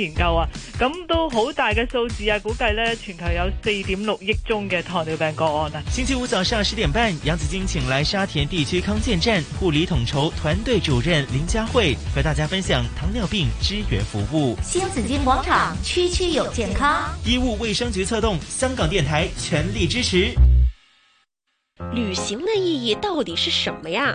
研究啊，咁都好大嘅數字啊，估計呢，全球有四點六億宗嘅糖尿病個案啊。星期五早上十,十點半，楊紫晶請來沙田地區康健站護理統籌團隊主任林嘉慧，和大家分享糖尿病支援服務。新紫金廣場區區有健康，醫務衛生局策動，香港電台全力支持。旅行的意義到底是什麼呀？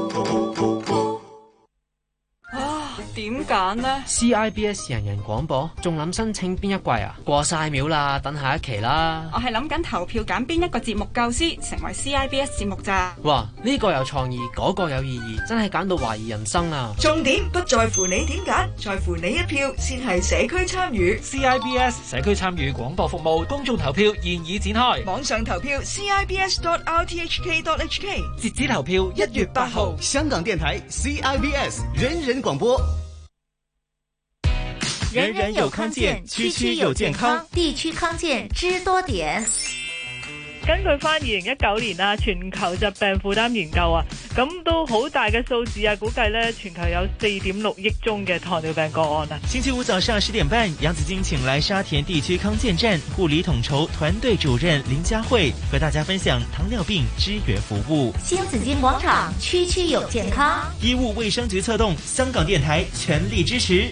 點揀呢？CIBS 人人廣播仲諗申請邊一季啊？過晒秒啦，等下一期啦。我係諗緊投票揀邊一個節目教師成為 CIBS 節目咋？哇！呢個有創意，嗰個有意義，真係揀到懷疑人生啊！重點不在乎你點揀，在乎你一票先係社區參與。CIBS 社區參與廣播服務公眾投票現已展開，網上投票 cibs.dot.rthk.dot.hk，截止投票一月八號。香港電台 CIBS 人人廣播。人人有康健，區區有健康，區區有健康，地區康健知多點。根據翻二零一九年啊，全球疾病負擔研究啊，咁都好大嘅數字啊，估計呢，全球有四點六億宗嘅糖尿病個案啊。星期五早上十點半，楊子晶請來沙田地區康健站護理統籌團隊主任林嘉慧，和大家分享糖尿病支援服務。新紫金廣場區區有健康，醫務衛生局策動，香港電台全力支持。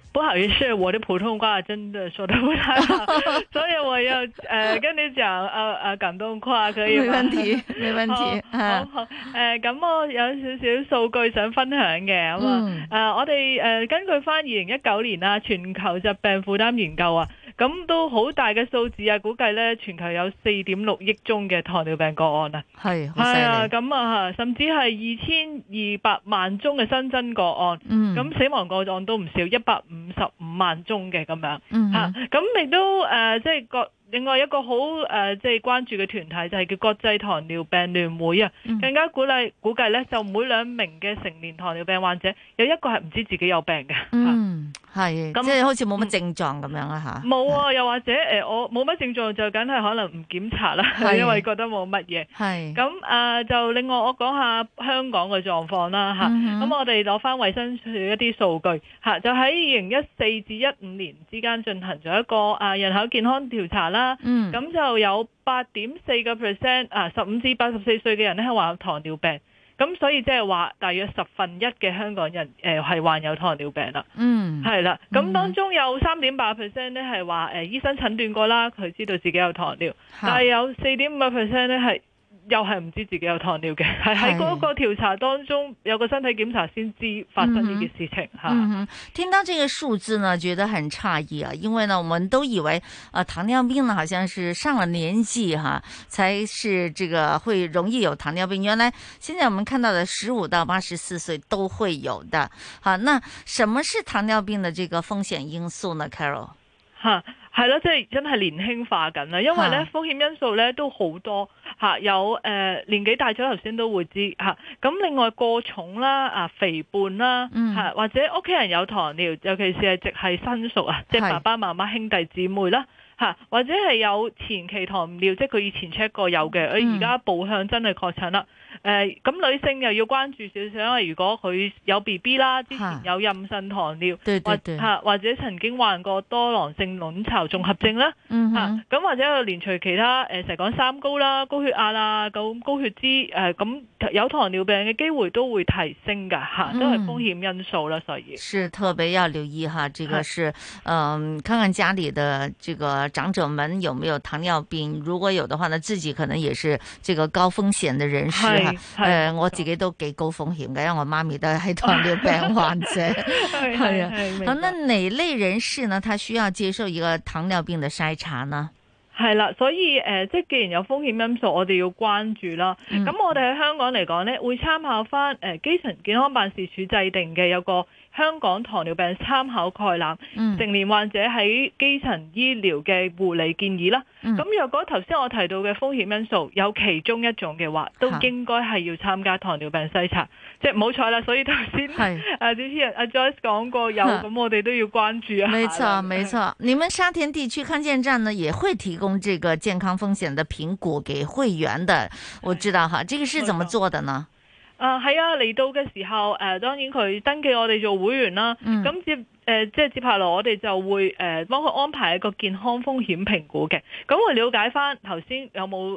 不好意思，我的普通話真的說得不太好， 所以我要誒、呃、跟你講，啊，啊廣東話可以嗎？沒問題，沒問題。好 好，誒咁我有少少數據想分享嘅，咁啊誒我哋誒根據翻二零一九年啊全球疾病負擔研究啊。咁都好大嘅數字啊！估計呢，全球有四點六億宗嘅糖尿病個案啊，係，係啊，咁啊，甚至係二千二百萬宗嘅新增個案，咁、嗯、死亡個案都唔少，一百五十五萬宗嘅咁樣，咁亦、嗯哼啊嗯、都誒，即係各另外一個好誒，即係關注嘅團體就係叫國際糖尿病聯會啊，嗯、更加鼓勵，估計呢，就每兩名嘅成年糖尿病患者有一個係唔知自己有病嘅，嗯。係，是那即係好似冇乜症狀咁樣啦嚇。冇、嗯、啊，啊是又或者、呃、我冇乜症狀就梗係可能唔檢查啦，是因為覺得冇乜嘢。係是。咁誒、呃，就另外我講下香港嘅狀況啦嚇。咁、嗯、哼我哋攞翻衛生署一啲數據嚇、啊，就喺二零一四至一五年之間進行咗一個人口健康調查啦。嗯。咁就有八點四個 percent 啊，十五至八十四歲嘅人咧，話有糖尿病。咁所以即係話，大約十分一嘅香港人，誒、呃、係患有糖尿病啦。嗯，係啦。咁當中有三點八 percent 咧係話，誒、呃、醫生診斷過啦，佢知道自己有糖尿。但係有四點五個 percent 咧係。又係唔知自己有糖尿嘅，係喺嗰個調查當中有個身體檢查先知發生呢件事情吓、嗯嗯。聽到這個數字呢，覺得很詫異啊，因為呢，我們都以為啊、呃，糖尿病呢，好像是上了年紀哈、啊，才是這個會容易有糖尿病。原來現在我們看到的十五到八十四歲都會有的。好、啊，那什麼是糖尿病的這個風險因素呢？Carol，係咯，即係真係年輕化緊啦，因為咧風險因素咧都好多，有誒年紀大咗頭先都會知。咁另外過重啦、啊肥胖啦、嗯、或者屋企人有糖尿，尤其是係直係親屬啊，是即係爸爸媽媽、兄弟姊妹啦，或者係有前期糖尿，即係佢以前 check 過有嘅，而家步向真係確診啦。誒，咁，呃、女性又要關注少少，因為如果佢有 B B 啦，之前有妊娠糖尿，哈或吓，或者曾經患過多囊性卵巢綜合症啦，吓，咁，嗯哼啊、或者係連隨其他誒，成日講三高啦，高血壓啦、咁高血脂誒，咁，呃、有糖尿病嘅機會都會提升噶吓，都係風險因素啦。嗯，所以是特別要留意哈這個是嗯，嗯，看看家裏的這個長者們有沒有糖尿病，如果有的話呢，自己可能也是這個高風險的人士。誒，嗯、我自己都幾高風險嘅，因為我媽咪都係糖尿病患者，係啊。咁，呢哪類人士呢？他需要接受一個糖尿病嘅篩查呢？係啦，所以誒、呃，即係既然有風險因素，我哋要關注啦。咁、嗯、我哋喺香港嚟講呢會參考翻誒、呃、基層健康辦事處制定嘅有個香港糖尿病參考概覽，嗯、成年患者喺基層醫療嘅護理建議啦。咁若、嗯、果頭先我提到嘅風險因素有其中一種嘅話，都應該係要參加糖尿病篩查，嗯、即係唔好彩啦。所以頭先阿主持人 Joyce 講過有，咁是我哋都要關注啊。沒錯，沒錯，你們沙田地區康健站呢也會提供這個健康風險的評估給會員的，是我知道哈，這個是怎麼做的呢？啊，係啊，嚟到嘅時候，誒、啊、當然佢登記我哋做會員啦。咁、嗯、接誒、呃，即係接下來我哋就會誒、呃、幫佢安排一個健康風險評估嘅。咁我了解翻頭先有冇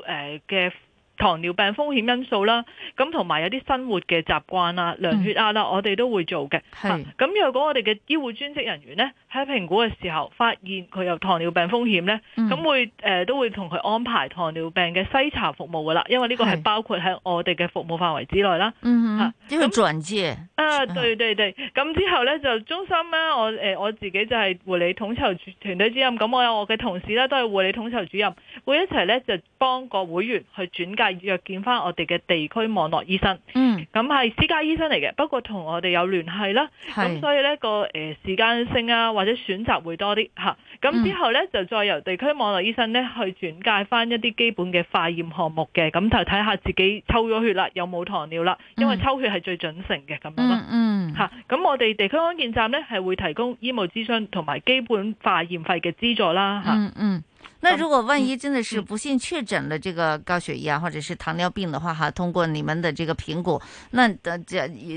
嘅、呃、糖尿病風險因素啦。咁同埋有啲生活嘅習慣啊、量血壓啦，啦嗯、我哋都會做嘅。咁若是、啊、果我哋嘅醫護專職人員呢，喺評估嘅時候發現佢有糖尿病風險咧，咁、嗯、會誒、呃、都會同佢安排糖尿病嘅篩查服務噶啦，因為呢個係包括喺我哋嘅服務範圍之內啦。嗯哼，咁轉、啊、介啊，啊，對對對，咁、啊、之後咧就中心咧，我誒、呃、我自己就係護理統籌團隊主任，咁我有我嘅同事咧都係護理統籌主任，會一齊咧就幫個會員去轉介約見翻我哋嘅地區網絡醫生。嗯，咁係私家醫生嚟嘅，不過同我哋有聯繫啦。係是，咁所以咧個誒時間性啊或者選擇會多啲吓，咁、嗯嗯、之後咧就再由地區網絡醫生咧去轉介翻一啲基本嘅化驗項目嘅，咁就睇下自己抽咗血啦，有冇糖尿啦，因為抽血係最準成嘅咁、嗯、樣咯，吓、嗯，咁、嗯、我哋地區康健站咧係會提供醫務諮詢同埋基本化驗費嘅資助啦，吓。嗯嗯，嗯，那如果萬一真的是不幸確診了這個高血壓、啊，嗯、或者是糖尿病的話，哈，通過你們的這個評估，那、呃、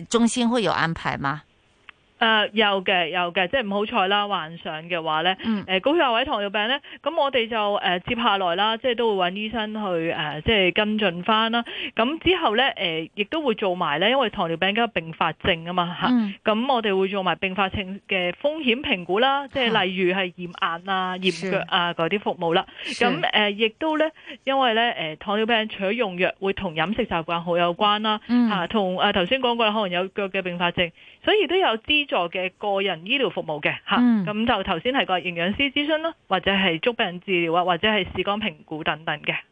中心會有安排嗎？誒、呃，有嘅，有嘅，即係唔好彩啦。患上嘅話咧，誒、嗯呃、高血壓、糖尿病咧，咁我哋就誒、呃、接下來啦，即係都會搵醫生去誒、呃，即係跟進翻啦。咁之後咧，誒、呃、亦都會做埋咧，因為糖尿病嘅併發症嘛、嗯、啊嘛吓。咁我哋會做埋併發症嘅風險評估啦，嗯、即係例如係驗眼啊、驗腳啊嗰啲服務啦。咁誒亦都咧，因為咧誒糖尿病除咗用藥，會同飲食習慣好有關啦吓，同誒頭先講過可能有腳嘅併發症。所以都有資助嘅個人醫療服務嘅嚇，咁、嗯、就頭先係個營養師諮詢咯，或者係足病治療啊，或者係視光評估等等嘅。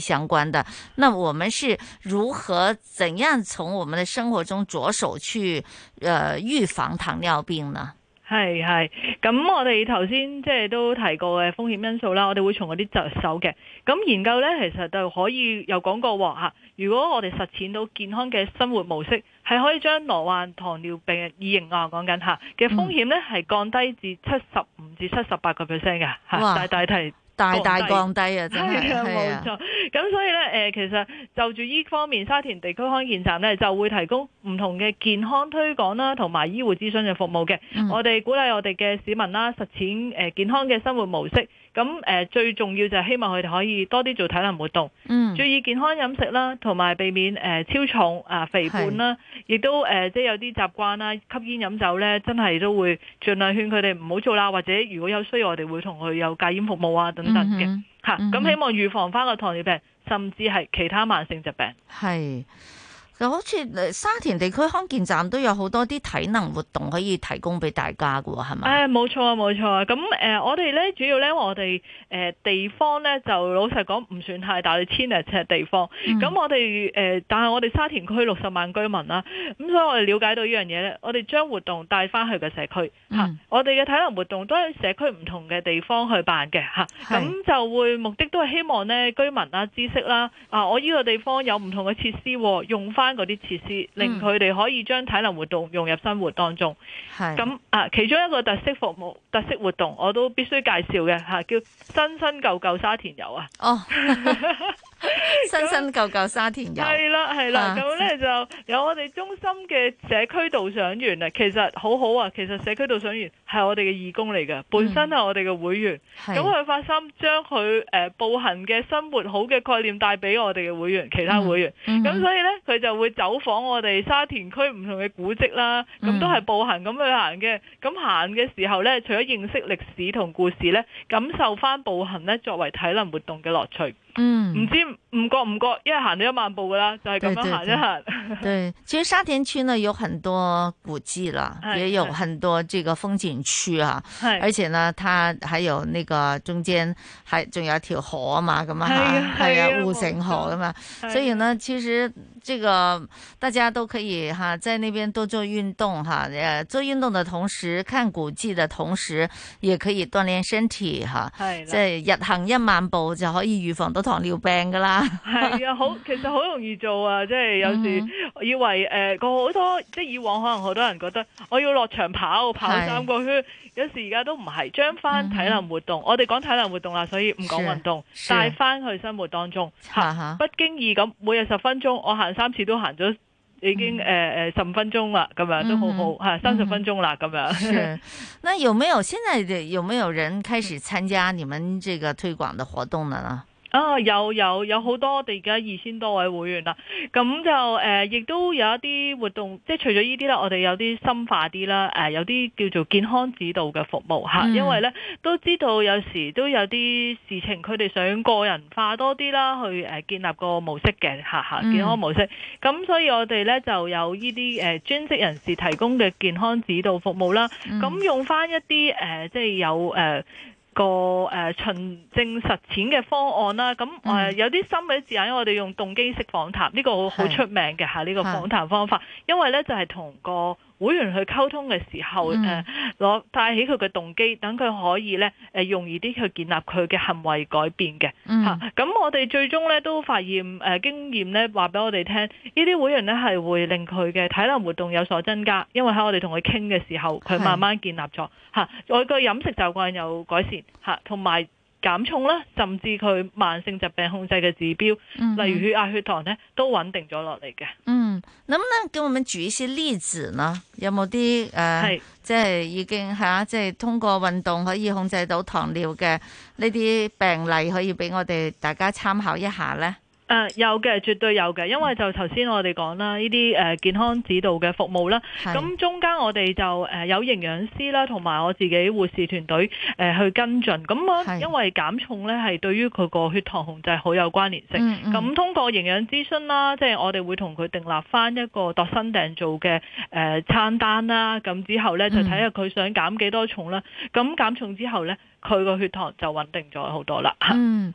相關的，那我們是如何、怎樣從我們的生活中着手去，呃、預防糖尿病呢？係係，咁我哋頭先即係都提過嘅風險因素啦，我哋會從嗰啲着手嘅。咁研究咧，其實就可以有講過吓，如果我哋實踐到健康嘅生活模式，係可以將罹患糖尿病二型啊講緊吓嘅風險咧，係、嗯、降低至七十五至七十八個 percent 嘅，大大提。哇大大降低啊！係啊，冇錯。咁所以呢，誒、呃，其實就住呢方面，沙田地區康健站呢就會提供唔同嘅健康推廣啦，同埋醫護諮詢嘅服務嘅。嗯、我哋鼓勵我哋嘅市民啦，實踐誒健康嘅生活模式。咁誒、呃、最重要就係希望佢哋可以多啲做體能活動，嗯、注意健康飲食啦，同埋避免誒、呃、超重啊、呃、肥胖啦，亦是都誒、呃、即係有啲習慣啦，吸煙飲酒咧，真係都會盡量勸佢哋唔好做啦。或者如果有需要，我哋會同佢有戒煙服務啊等等嘅嚇。咁、嗯嗯啊、希望預防翻個糖尿病，甚至係其他慢性疾病。係。就好似沙田地區康健站都有好多啲體能活動可以提供俾大家嘅喎，係咪？哎、冇錯啊，冇錯啊。咁、呃、我哋咧主要咧，我哋、呃、地方咧就老實講唔算太大，你千零尺地方。咁、嗯、我哋、呃、但係我哋沙田區六十萬居民啦，咁所以我哋了解到呢樣嘢咧，我哋將活動帶翻去嘅社區。嗯。啊、我哋嘅體能活動都係社區唔同嘅地方去辦嘅，咁、啊、是就會目的都係希望咧居民啦知識啦啊，我呢個地方有唔同嘅設施用翻。翻嗰啲設施，令佢哋可以將體能活動融入生活當中。係咁的啊，其中一個特色服務、特色活動，我都必須介紹嘅吓，叫新新舊舊沙田遊啊。哦。Oh, 新新舊舊沙田係啦，係啦， 咁咧、啊、就有我哋中心嘅社區導賞員啦。其實好好啊，其實社區導賞員係我哋嘅義工嚟嘅，嗯、本身係我哋嘅會員。咁佢、嗯、發心將佢誒步行嘅生活好嘅概念帶俾我哋嘅會員，其他會員咁，嗯、所以咧佢就會走訪我哋沙田區唔同嘅古蹟啦。咁、嗯、都係步行咁去行嘅。咁行嘅時候咧，除咗認識歷史同故事咧，感受翻步行咧作為體能活動嘅樂趣。嗯，唔知唔覺唔覺，因為行到一萬步噶啦，就係咁樣行一。對，其實沙田區呢，有很多古蹟啦，也有很多這個風景區啊。係。而且呢，它還有那個中間，還仲有一條河嘛，咁啊，係啊，護城河噶嘛，所以呢，其實。這個大家都可以哈，在那邊多做運動哈，誒做運動的同時，看古蹟的同時，也可以鍛煉身體哈。係的。即係日行一萬步就可以預防到糖尿病噶啦。係啊的， 好，其實好容易做啊，即、就、係、是、有時以為誒，個好、mm hmm. 呃、多即係以往可能好多人覺得我要落場跑，跑三個圈，是的有時而家都唔係，將翻體能活動，mm hmm. 我哋講體能活動啦，所以唔講運動，帶翻的去生活當中，吓吓的，不經意咁每日十分鐘，我行。三次都行咗，已經誒誒、呃、十五分鐘啦，咁樣都好好吓，嗯、三十分鐘啦，咁樣。是，那有沒有現在有沒有人開始參加你們這個推廣的活動了呢？啊、哦、有有有好多我哋而家二千多位會員啦，咁就誒亦、呃、都有一啲活動，即係除咗呢啲啦，我哋有啲深化啲啦、呃，有啲叫做健康指導嘅服務，嗯、因為咧都知道有時都有啲事情，佢哋想個人化多啲啦，去、呃、建立個模式嘅嚇嚇健康模式，咁、嗯、所以我哋咧就有呢啲誒專職人士提供嘅健康指導服務啦，咁用返一啲誒、呃、即係有誒。呃個誒、呃、循證實踐嘅方案啦，咁誒、嗯呃、有啲新嘅字眼，我哋用動機式訪談，呢、呢個好是出名嘅嚇，呢、呢個訪談方法，是因為呢就係、是、同個。會員去溝通嘅時候，誒、嗯，攞帶起佢嘅動機，等佢可以咧，誒，容易啲去建立佢嘅行為改變嘅。吓、嗯，咁、啊、我哋最終咧都發現，誒、呃，經驗咧話俾我哋聽，呢啲會員咧係會令佢嘅體能活動有所增加，因為喺我哋同佢傾嘅時候，佢慢慢建立咗。吓是，我嘅飲食習慣有改善。吓、啊，同埋。減重啦，甚至佢慢性疾病控制嘅指標，嗯、例如血壓、血糖咧，都穩定咗落嚟嘅。嗯，能唔能叫我們舉一些例子呢？有冇啲誒，即、呃、係是已經吓，即係、就是、通過運動可以控制到糖尿嘅呢啲病例，可以俾我哋大家參考一下呢？誒、啊，有嘅，絕對有嘅，因為就頭先我哋講啦，呢啲誒健康指導嘅服務啦，咁是中間我哋就誒、呃、有營養師啦，同埋我自己護士團隊誒去跟進，咁、啊、是因為減重咧係對於佢個血糖控制好有關聯性，咁、嗯嗯、通過營養諮詢啦，即係我哋會同佢訂立翻一個度身訂造嘅誒餐單啦，咁之後咧就睇下佢想減幾多重啦，咁減、嗯、重之後咧佢個血糖就穩定咗好多啦。嗯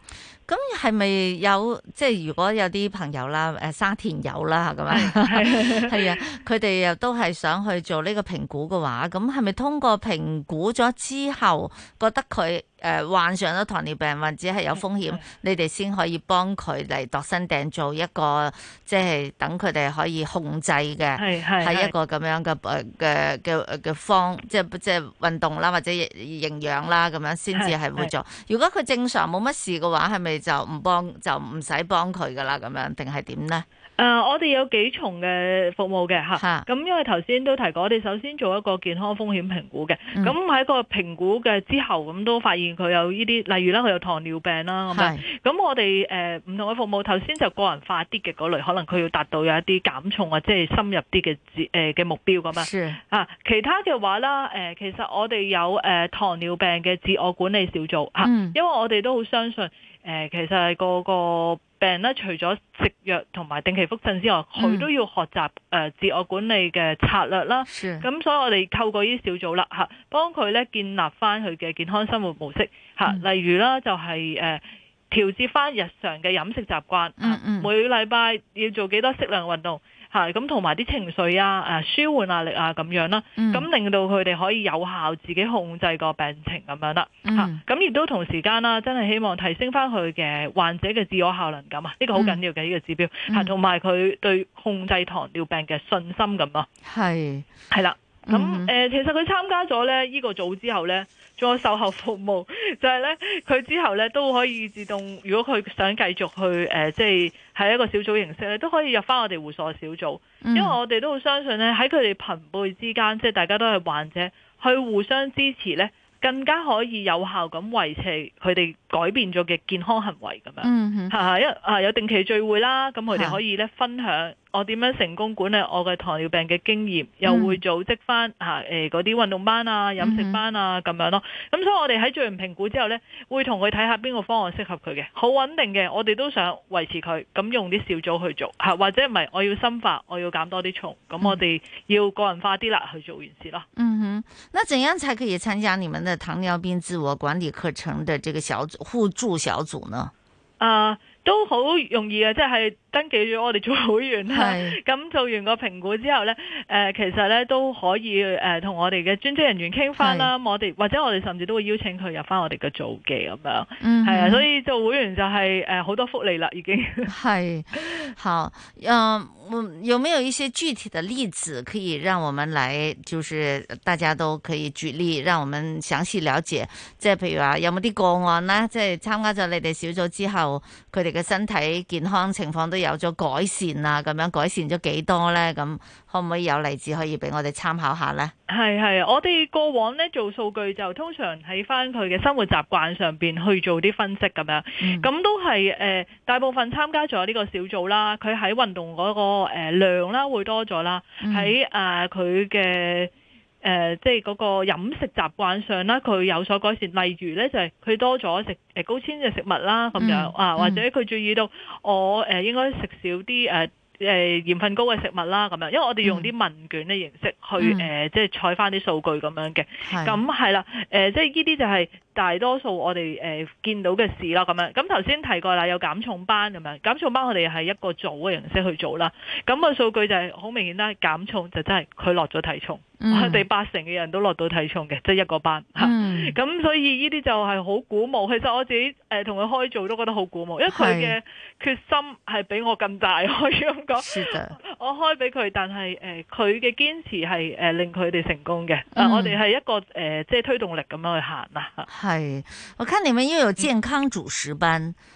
咁係咪有即係、就是、如果有啲朋友啦，誒沙田友啦，咁 啊，係啊，佢哋又都係想去做呢個評估嘅話，咁係咪通過評估咗之後，覺得佢，誒患上咗糖尿病或者係有風險，是是是是你哋先可以幫佢嚟度身訂做一個，即係等佢哋可以控制嘅，係是一個咁樣嘅嘅嘅嘅方，即係即係運動啦，或者營養啦咁樣，先至係會做。是是是如果佢正常冇乜事嘅話，係咪就唔幫就唔使幫佢噶啦？咁樣定係點咧？誒、呃，我哋有幾重嘅服務嘅，咁是因為頭先都提過，我哋首先做一個健康風險評估嘅，咁喺、嗯、個評估嘅之後，咁都發現佢有呢啲，例如呢，佢有糖尿病啦，咁咁我哋誒唔同嘅服務，頭先就個人化啲嘅嗰類，可能佢要達到有一啲減重或者係深入啲嘅嘅目標咁樣啊，是其他嘅話啦、呃，其實我哋有、呃、糖尿病嘅自我管理小組、嗯、因為我哋都好相信。誒、呃，其實係個個病咧，除咗食藥同埋定期復診之外，佢、嗯、都要學習誒、呃、自我管理嘅策略啦。咁是所以我哋透過呢啲小組啦，吓、啊，幫佢咧建立翻佢嘅健康生活模式。吓、啊，嗯、例如啦，就係誒調節翻日常嘅飲食習慣、啊，每禮拜要做幾多適量運動。係咁，同埋啲情緒啊，誒舒緩壓力啊咁樣啦，咁令到佢哋可以有效自己控制個病情咁樣啦。嚇、嗯，咁亦都同時間啦，真係希望提升翻佢嘅患者嘅自我效能感啊，呢個好緊要嘅呢個指標嚇，同埋佢對控制糖尿病嘅信心咁啊。係係啦。咁誒、呃，其實佢參加咗咧呢個組之後咧，仲有售後服務，就係咧佢之後咧都可以自動，如果佢想繼續去誒、呃，即係喺一個小組形式咧，都可以入翻我哋互助小組，因為我哋都好相信咧，喺佢哋朋輩之間，即係大家都係患者，去互相支持咧，更加可以有效咁維持佢哋改變咗嘅健康行為咁樣，啊、嗯、哼有定期聚會啦，咁佢哋可以咧分享。我點樣成功管理我嘅糖尿病嘅經驗，又會組織翻吓、嗯啊、誒嗰啲運動班啊、飲食班啊咁、嗯、哼樣咯。咁、嗯、所以我哋喺做完評估之後呢，會同佢睇下邊個方案適合佢嘅，好穩定嘅。我哋都想維持佢，咁用啲小組去做吓、啊，或者唔係我要深化，我要減多啲重，咁、嗯嗯、我哋要個人化啲啦去做完事咯。嗯哼，那怎樣才可以參加你們嘅糖尿病自我管理課程的這個小組互助小組呢？啊，都好容易嘅、啊，即係。登記咗我哋做會員係咁是做完個評估之後咧，誒、呃、其實咧都可以誒同、呃、我哋嘅專職人員傾翻啦，是我哋或者我哋甚至都會邀請佢入翻我哋嘅組記咁樣，係、嗯、哼啊，所以做會員就係誒好多福利啦，已經係好嗯、呃，有冇有一些具體的例子可以讓我們來，就是大家都可以舉例，讓我們詳細了解，即係譬如話有冇啲個案咧，即係參加咗你哋小組之後，佢哋嘅身體健康情況都。有咗改善啊，咁樣改善咗幾多咧？咁可唔可以有例子可以俾我哋參考一下咧？係係，我哋過往呢做數據就通常喺翻佢嘅生活習慣上邊去做啲分析咁樣，咁、嗯、都係誒、呃、大部分參加咗呢個小組啦，佢喺運動嗰個誒量啦會多咗啦，喺誒佢嘅。誒、呃，即係嗰個飲食習慣上啦，佢有所改善。例如咧，就係、是、佢多咗食、呃、高纖嘅食物啦，咁樣、嗯、啊，或者佢注意到我誒、呃、應該食少啲誒誒鹽分高嘅食物啦，咁樣。因為我哋用啲問卷嘅形式去誒、嗯呃，即係採翻啲數據咁樣嘅。咁係啦，誒、呃，即係呢啲就係大多數我哋誒、呃、見到嘅事啦，咁樣。咁頭先提過啦，有減重班咁樣，減重班我哋係一個組嘅形式去做啦。咁、那個數據就係好明顯啦，減重就真係佢落咗體重。我哋、嗯、八成嘅人都落到體重嘅，即、就、係、是、一個班嚇。咁、嗯啊、所以呢啲就係好鼓舞。其實我自己同佢、呃、開做都覺得好鼓舞，因為佢嘅決心係比我更大可以咁講。我開俾佢，但係誒佢嘅堅持係令佢哋成功嘅。啊，我哋係一個誒即係推動力咁樣去行啦。係，我看你們又有健康主食班。嗯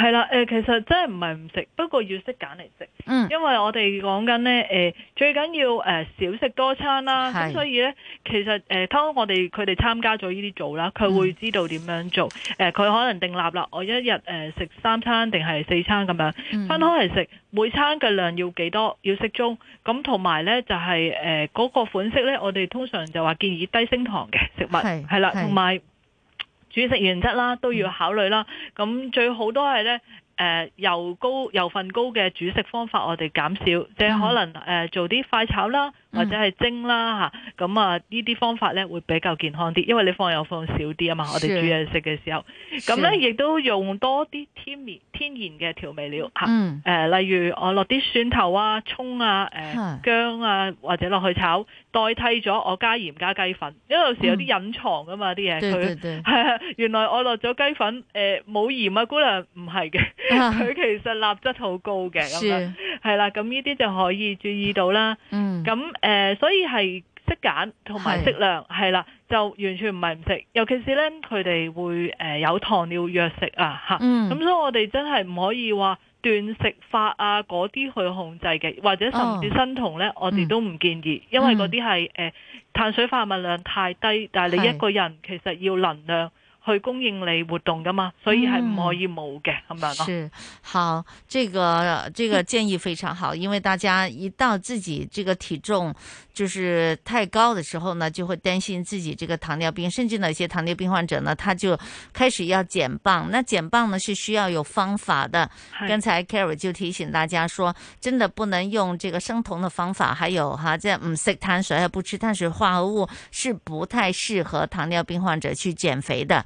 係啦、呃，其實真係唔係唔食，不過要識揀嚟食。嗯，因為我哋講緊咧，最緊要誒少食多餐啦。咁是所以咧，其實誒、呃，當我哋佢哋參加咗呢啲組啦，佢會知道點樣做。誒、嗯，佢、呃、可能定立啦，我一日誒食三餐定係四餐咁樣、嗯、分開嚟食，每餐嘅量要幾多，要適中。咁同埋咧就係誒嗰個款式咧，我哋通常就話建議低升糖嘅食物，係啦，同埋。煮食原則啦，都要考慮啦。咁、嗯、最好都係呢誒油、呃、高油份高嘅煮食方法，我哋減少，嗯、即係可能誒、呃、做啲快炒啦，或者係蒸啦咁、嗯、啊，呢啲方法呢會比較健康啲，因為你放油放少啲啊嘛。我哋煮嘢食嘅時候，咁是呢亦是都用多啲添天然嘅調味料嚇，誒、啊嗯呃、例如我落啲蒜頭啊、蔥啊、誒、呃啊、薑啊，或者落去炒，代替咗我加鹽加雞粉，因為有時有啲隱藏㗎嘛啲嘢，佢係、嗯、原來我落咗雞粉誒冇、呃、鹽啊，姑娘唔係嘅，佢、啊、其實鈉質好高嘅咁是樣係啦，咁呢啲就可以注意到啦。咁誒、嗯呃，所以係。識揀同埋適量係啦是，就完全唔係唔食，尤其是咧佢哋會、呃、有糖尿藥食啊吓咁、嗯、所以我哋真係唔可以話斷食法啊嗰啲去控制嘅，或者甚至生酮咧，哦、我哋都唔建議，嗯、因為嗰啲係碳水化物量太低，但係你一個人其實要能量。去供應你活動噶嘛，所以係唔可以冇嘅咁樣咯。嗯、是，吧是，好，這個這個建議非常好， 因為大家一到自己這個體重就是太高的時候呢，就會擔心自己這個糖尿病，甚至呢一些糖尿病患者呢，他就開始要減磅。那減磅呢是需要有方法的。剛是才 Carrie 就提醒大家說，真的不能用這個生酮的方法，還有哈即係唔食碳水，不吃碳水化合物，是不太適合糖尿病患者去減肥的。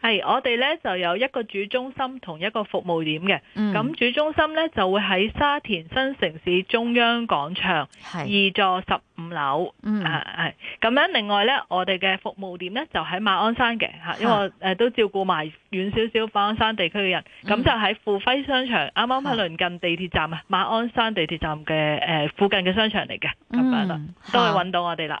係，我哋咧就有一個主中心同一個服務點嘅，咁、嗯、主中心咧就會喺沙田新城市中央廣場是二座十五樓，嗯係，咁樣、啊、另外咧我哋嘅服務點咧就喺馬鞍山嘅吓，是因為誒都照顧埋遠少少馬鞍山地區嘅人，咁、嗯、就喺富輝商場，啱啱喺鄰近地鐵站啊，馬鞍山地鐵站嘅誒、呃、附近嘅商場嚟嘅，咁啦、嗯啊、都係搵到我哋啦。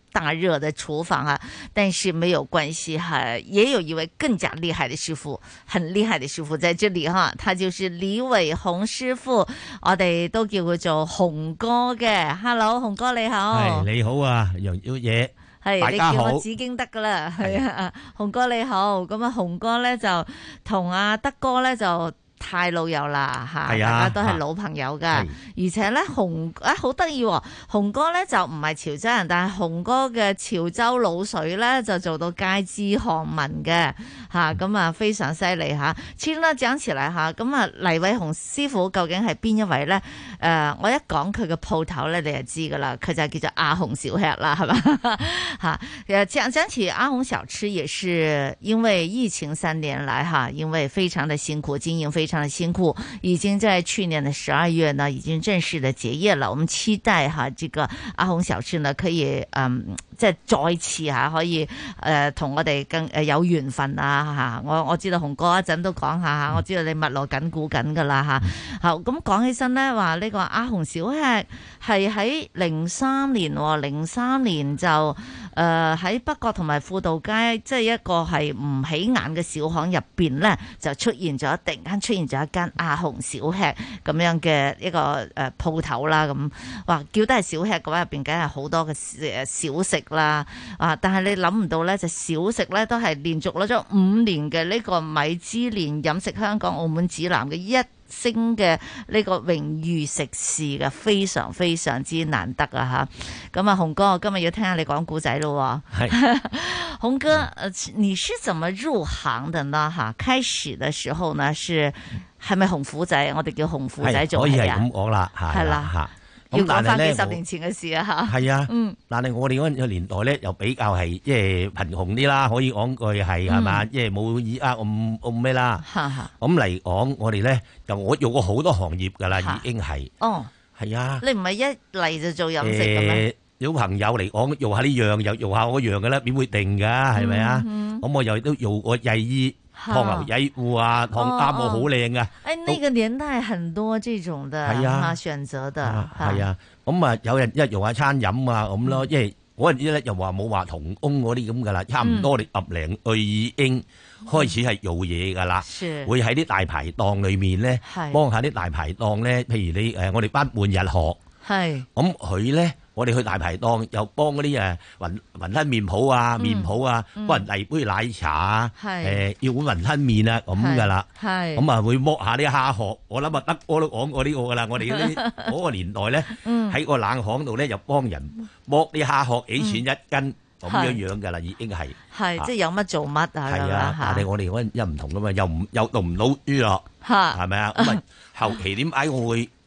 大熱的廚房啊，但是沒有關係哈，也有一位更加厲害的師傅，很厲害的師傅在這裏哈，他就是黎偉鴻師傅，我哋都叫佢做鴻哥嘅。Hello，鴻哥你好。係你好啊，楊小姐！係，是好你叫我紫荊得噶啦。係啊，鴻哥你好。咁啊，鴻哥咧就同阿德哥咧就。太老友啦嚇，哎、呀大家都係老朋友噶，哎、呀而且咧鴻啊好得意喎，鴻哥咧就唔係潮州人，但係鴻哥嘅潮州滷水咧就做到街知巷聞嘅嚇，咁啊、嗯、非常犀利嚇。先、啊、啦，講起嚟嚇，咁啊黎偉鴻師傅究竟係邊一位咧？誒、呃，我一講佢嘅鋪頭咧，你就知㗎啦，佢就係叫做阿鴻小吃啦，係嘛嚇。誒、啊，講講起阿鴻小吃，也是因為疫情三年嚟，哈、啊，因為非常的辛苦經營，非。辛苦已經在去年的十二月呢，已經正式的結業了。我們期待下、啊，這個阿鴻小吃呢，可以嗯，再、就是、再次、啊、可以誒，同、呃、我哋更誒、呃、有緣分啊吓。我我知道鴻哥一陣都講下吓，我知道你密鑼緊鼓噶啦吓。好，咁講起身呢話呢個阿鴻小吃係喺零三年、哦，零三年就誒喺、呃、北角同埋富道街，即、就、係、是、一個係唔起眼嘅小巷入邊咧，就出現咗，突然間出現。仲有一間阿紅小吃咁樣嘅一個誒鋪頭啦，咁話叫得係小吃嘅話，入邊梗係好多嘅誒小食啦啊！但係你諗唔到咧，就小食咧都係連續攞咗五年嘅呢個米芝蓮飲食香港澳門指南嘅一星嘅呢個榮譽食肆嘅，非常非常之難得啊吓！咁啊，洪哥我今日要聽下你講古仔咯。係，洪哥，聽聽你，你是怎麼入行嘅呢？哈，開始嘅時候呢，是係咪洪虎仔？我哋叫洪虎仔做。可以係咁講啦，係啦，啊。要打翻幾十年前嘅事啊嚇！係啊，嗯、但係我哋嗰個年代咧又比較係即係貧窮啲啦，可以講句係係嘛，即係冇以啊，咁咁咩啦。咁嚟哈哈 講我哋咧，就我用過好多行業噶啦，哈已經係。哦，係啊。你唔係一嚟就做飲食嘅咩？有、呃、朋友嚟講用下呢樣，又用一下嗰樣嘅咧，點會定㗎？係咪啊？咁、嗯嗯、我又都用我曳衣。唐樓曳戶啊，唐家務好靚啊。誒，那個年代很多這種的啊，啊選擇的。係啊，咁啊，啊有人用一做下餐飲啊咁咯，因為嗰陣時咧又話冇話同工嗰啲咁噶啦，差唔多你哋阿去已經開始係做嘢噶啦，嗯、會喺啲大排檔裏面咧，幫是下啲大排檔咧，譬如你誒，我哋班半日學，係是，咁佢咧。我哋去大排檔又幫嗰啲誒雲雲吞麵鋪啊、麵鋪啊，幫人遞杯奶茶啊，誒、嗯嗯呃、要碗雲吞麵啊咁噶啦，咁啊會剝下啲蝦殼，我諗啊得我都講過呢個噶啦，我哋呢啲個年代咧，喺、嗯、個冷巷度咧又幫人剝啲蝦殼幾錢一斤咁樣樣噶啦，已經係係即係有乜做乜啊咁啦、啊、但係我哋嗰又唔同噶嘛，又唔又讀唔到書囉，係咪啊？咁啊後期點解我會？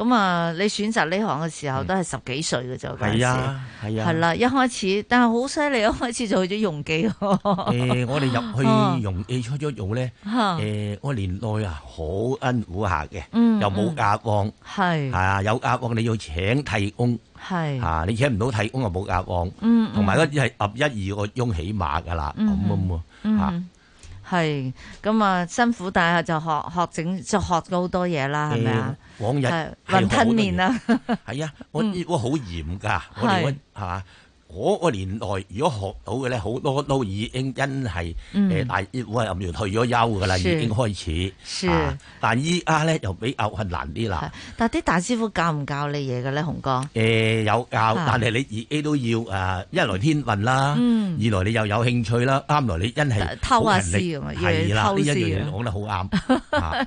咁啊，你選擇呢行嘅時候都係十幾歲嘅啫？嗯啊，開始係啦，一開始，但係好犀利，一開始就去咗容記。誒，我哋入去容記出咗路咧，誒、呃，我、那個、年內啊，好恩顧客嘅，又冇壓旺，係、嗯嗯、啊，有壓旺你要請替工，係是 啊，你請唔到替工就冇壓旺，同埋嗰啲係壓一二個鐘起碼噶啦，咁啊嘛，嗯嗯嗯係咁啊，辛苦但係就學學整就學咗好多嘢啦，係咪啊？是是往日雲吞麵啊，係 啊，我熱 我，我好嚴噶，是我哋溫係嘛。嗰個年代，如果學到嘅咧，好多都已經因係誒大武林員退咗休噶啦，是已經開始。是啊、但依家咧又比較困難啲啦。但啲大師傅教唔教你嘢嘅咧，洪哥？誒、呃、有教，是但係你自己都要誒、啊，一來天運啦，嗯、二來你又有興趣啦，三來你因係偷啊師啊啦，要偷師。呢一樣嘢講得好啱。 啊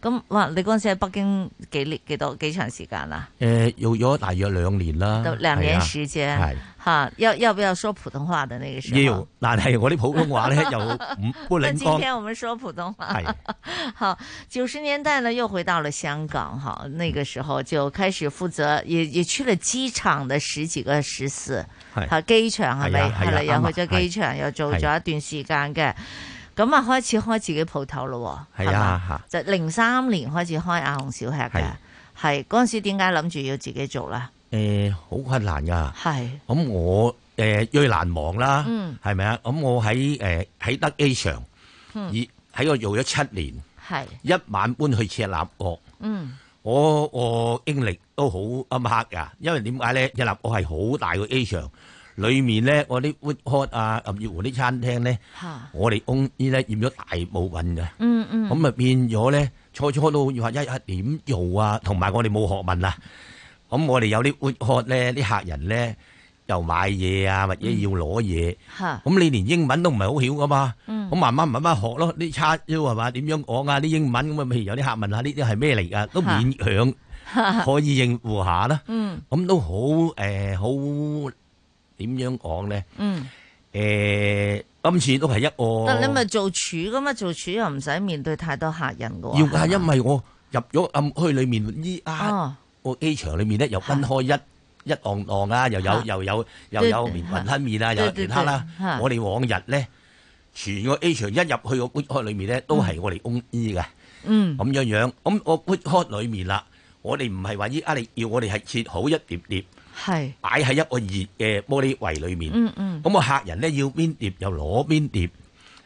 咁哇，你嗰陣時喺北京幾年幾多幾長時間啊？有用咗大約兩年啦，兩年時間。要要唔要說普通話的那個時候？要，但係我啲普通話咧又唔不靈光。但係今天我們說普通話，係好九十年代呢，又回到了香港，哈。那個時候就開始負責，也也去了機場的十幾個十四，係好機場係咪？係啦，然後就機場又做咗一段時間嘅。咁啊，開始開自己鋪頭咯，係啊，就零三年開始開阿紅小吃嘅，係嗰陣時點解諗住要自己做咧？誒、呃，好困難㗎，係是。咁我誒最難忘啦，係咪啊？咁、嗯、我喺誒啟德 A 場，而喺度做咗七年，係是一晚搬去赤鱲角。嗯，我我經歷都好暗黑㗎，因為點解咧？赤鱲角係好大個 A 場。裏面咧，我啲 wood hot 啊，鴨魚湖啲餐廳咧，我哋工依咧佔咗大部分嘅。嗯嗯。咁咪變咗咧？初初都要話一一點做啊，同埋我哋冇學問啊。咁我哋有啲 wood hot 咧，啲客人咧又買嘢啊，或者要攞嘢。嚇。咁你連英文都唔係好曉噶嘛？嗯。咁慢慢慢慢學咯，啲叉腰係嘛？點樣講啊？啲英文咁啊，譬如有啲客問下呢啲係咩嚟噶？都勉強可以應付下啦。嗯。咁都好誒，好。點樣講咧？嗯，誒，今次都係一個。但係你咪做廚噶嘛？做廚又唔使面對太多客人噶。要嘅係，因為我入咗暗區裏面呢？啊，個機場裏面咧，又分開一一檔檔啊，又有又有又有雲吞麵啊，又其他啦。我哋往日咧，全個機場一入去個 butcher 裏面咧，都係我哋工衣嘅。嗯，咁樣樣。咁我 butcher 裏面啦，我哋唔係話依家你要我哋係切好一碟碟。係擺喺一個熱嘅玻璃櫃裏面，咁啊客人咧要邊碟又攞邊碟，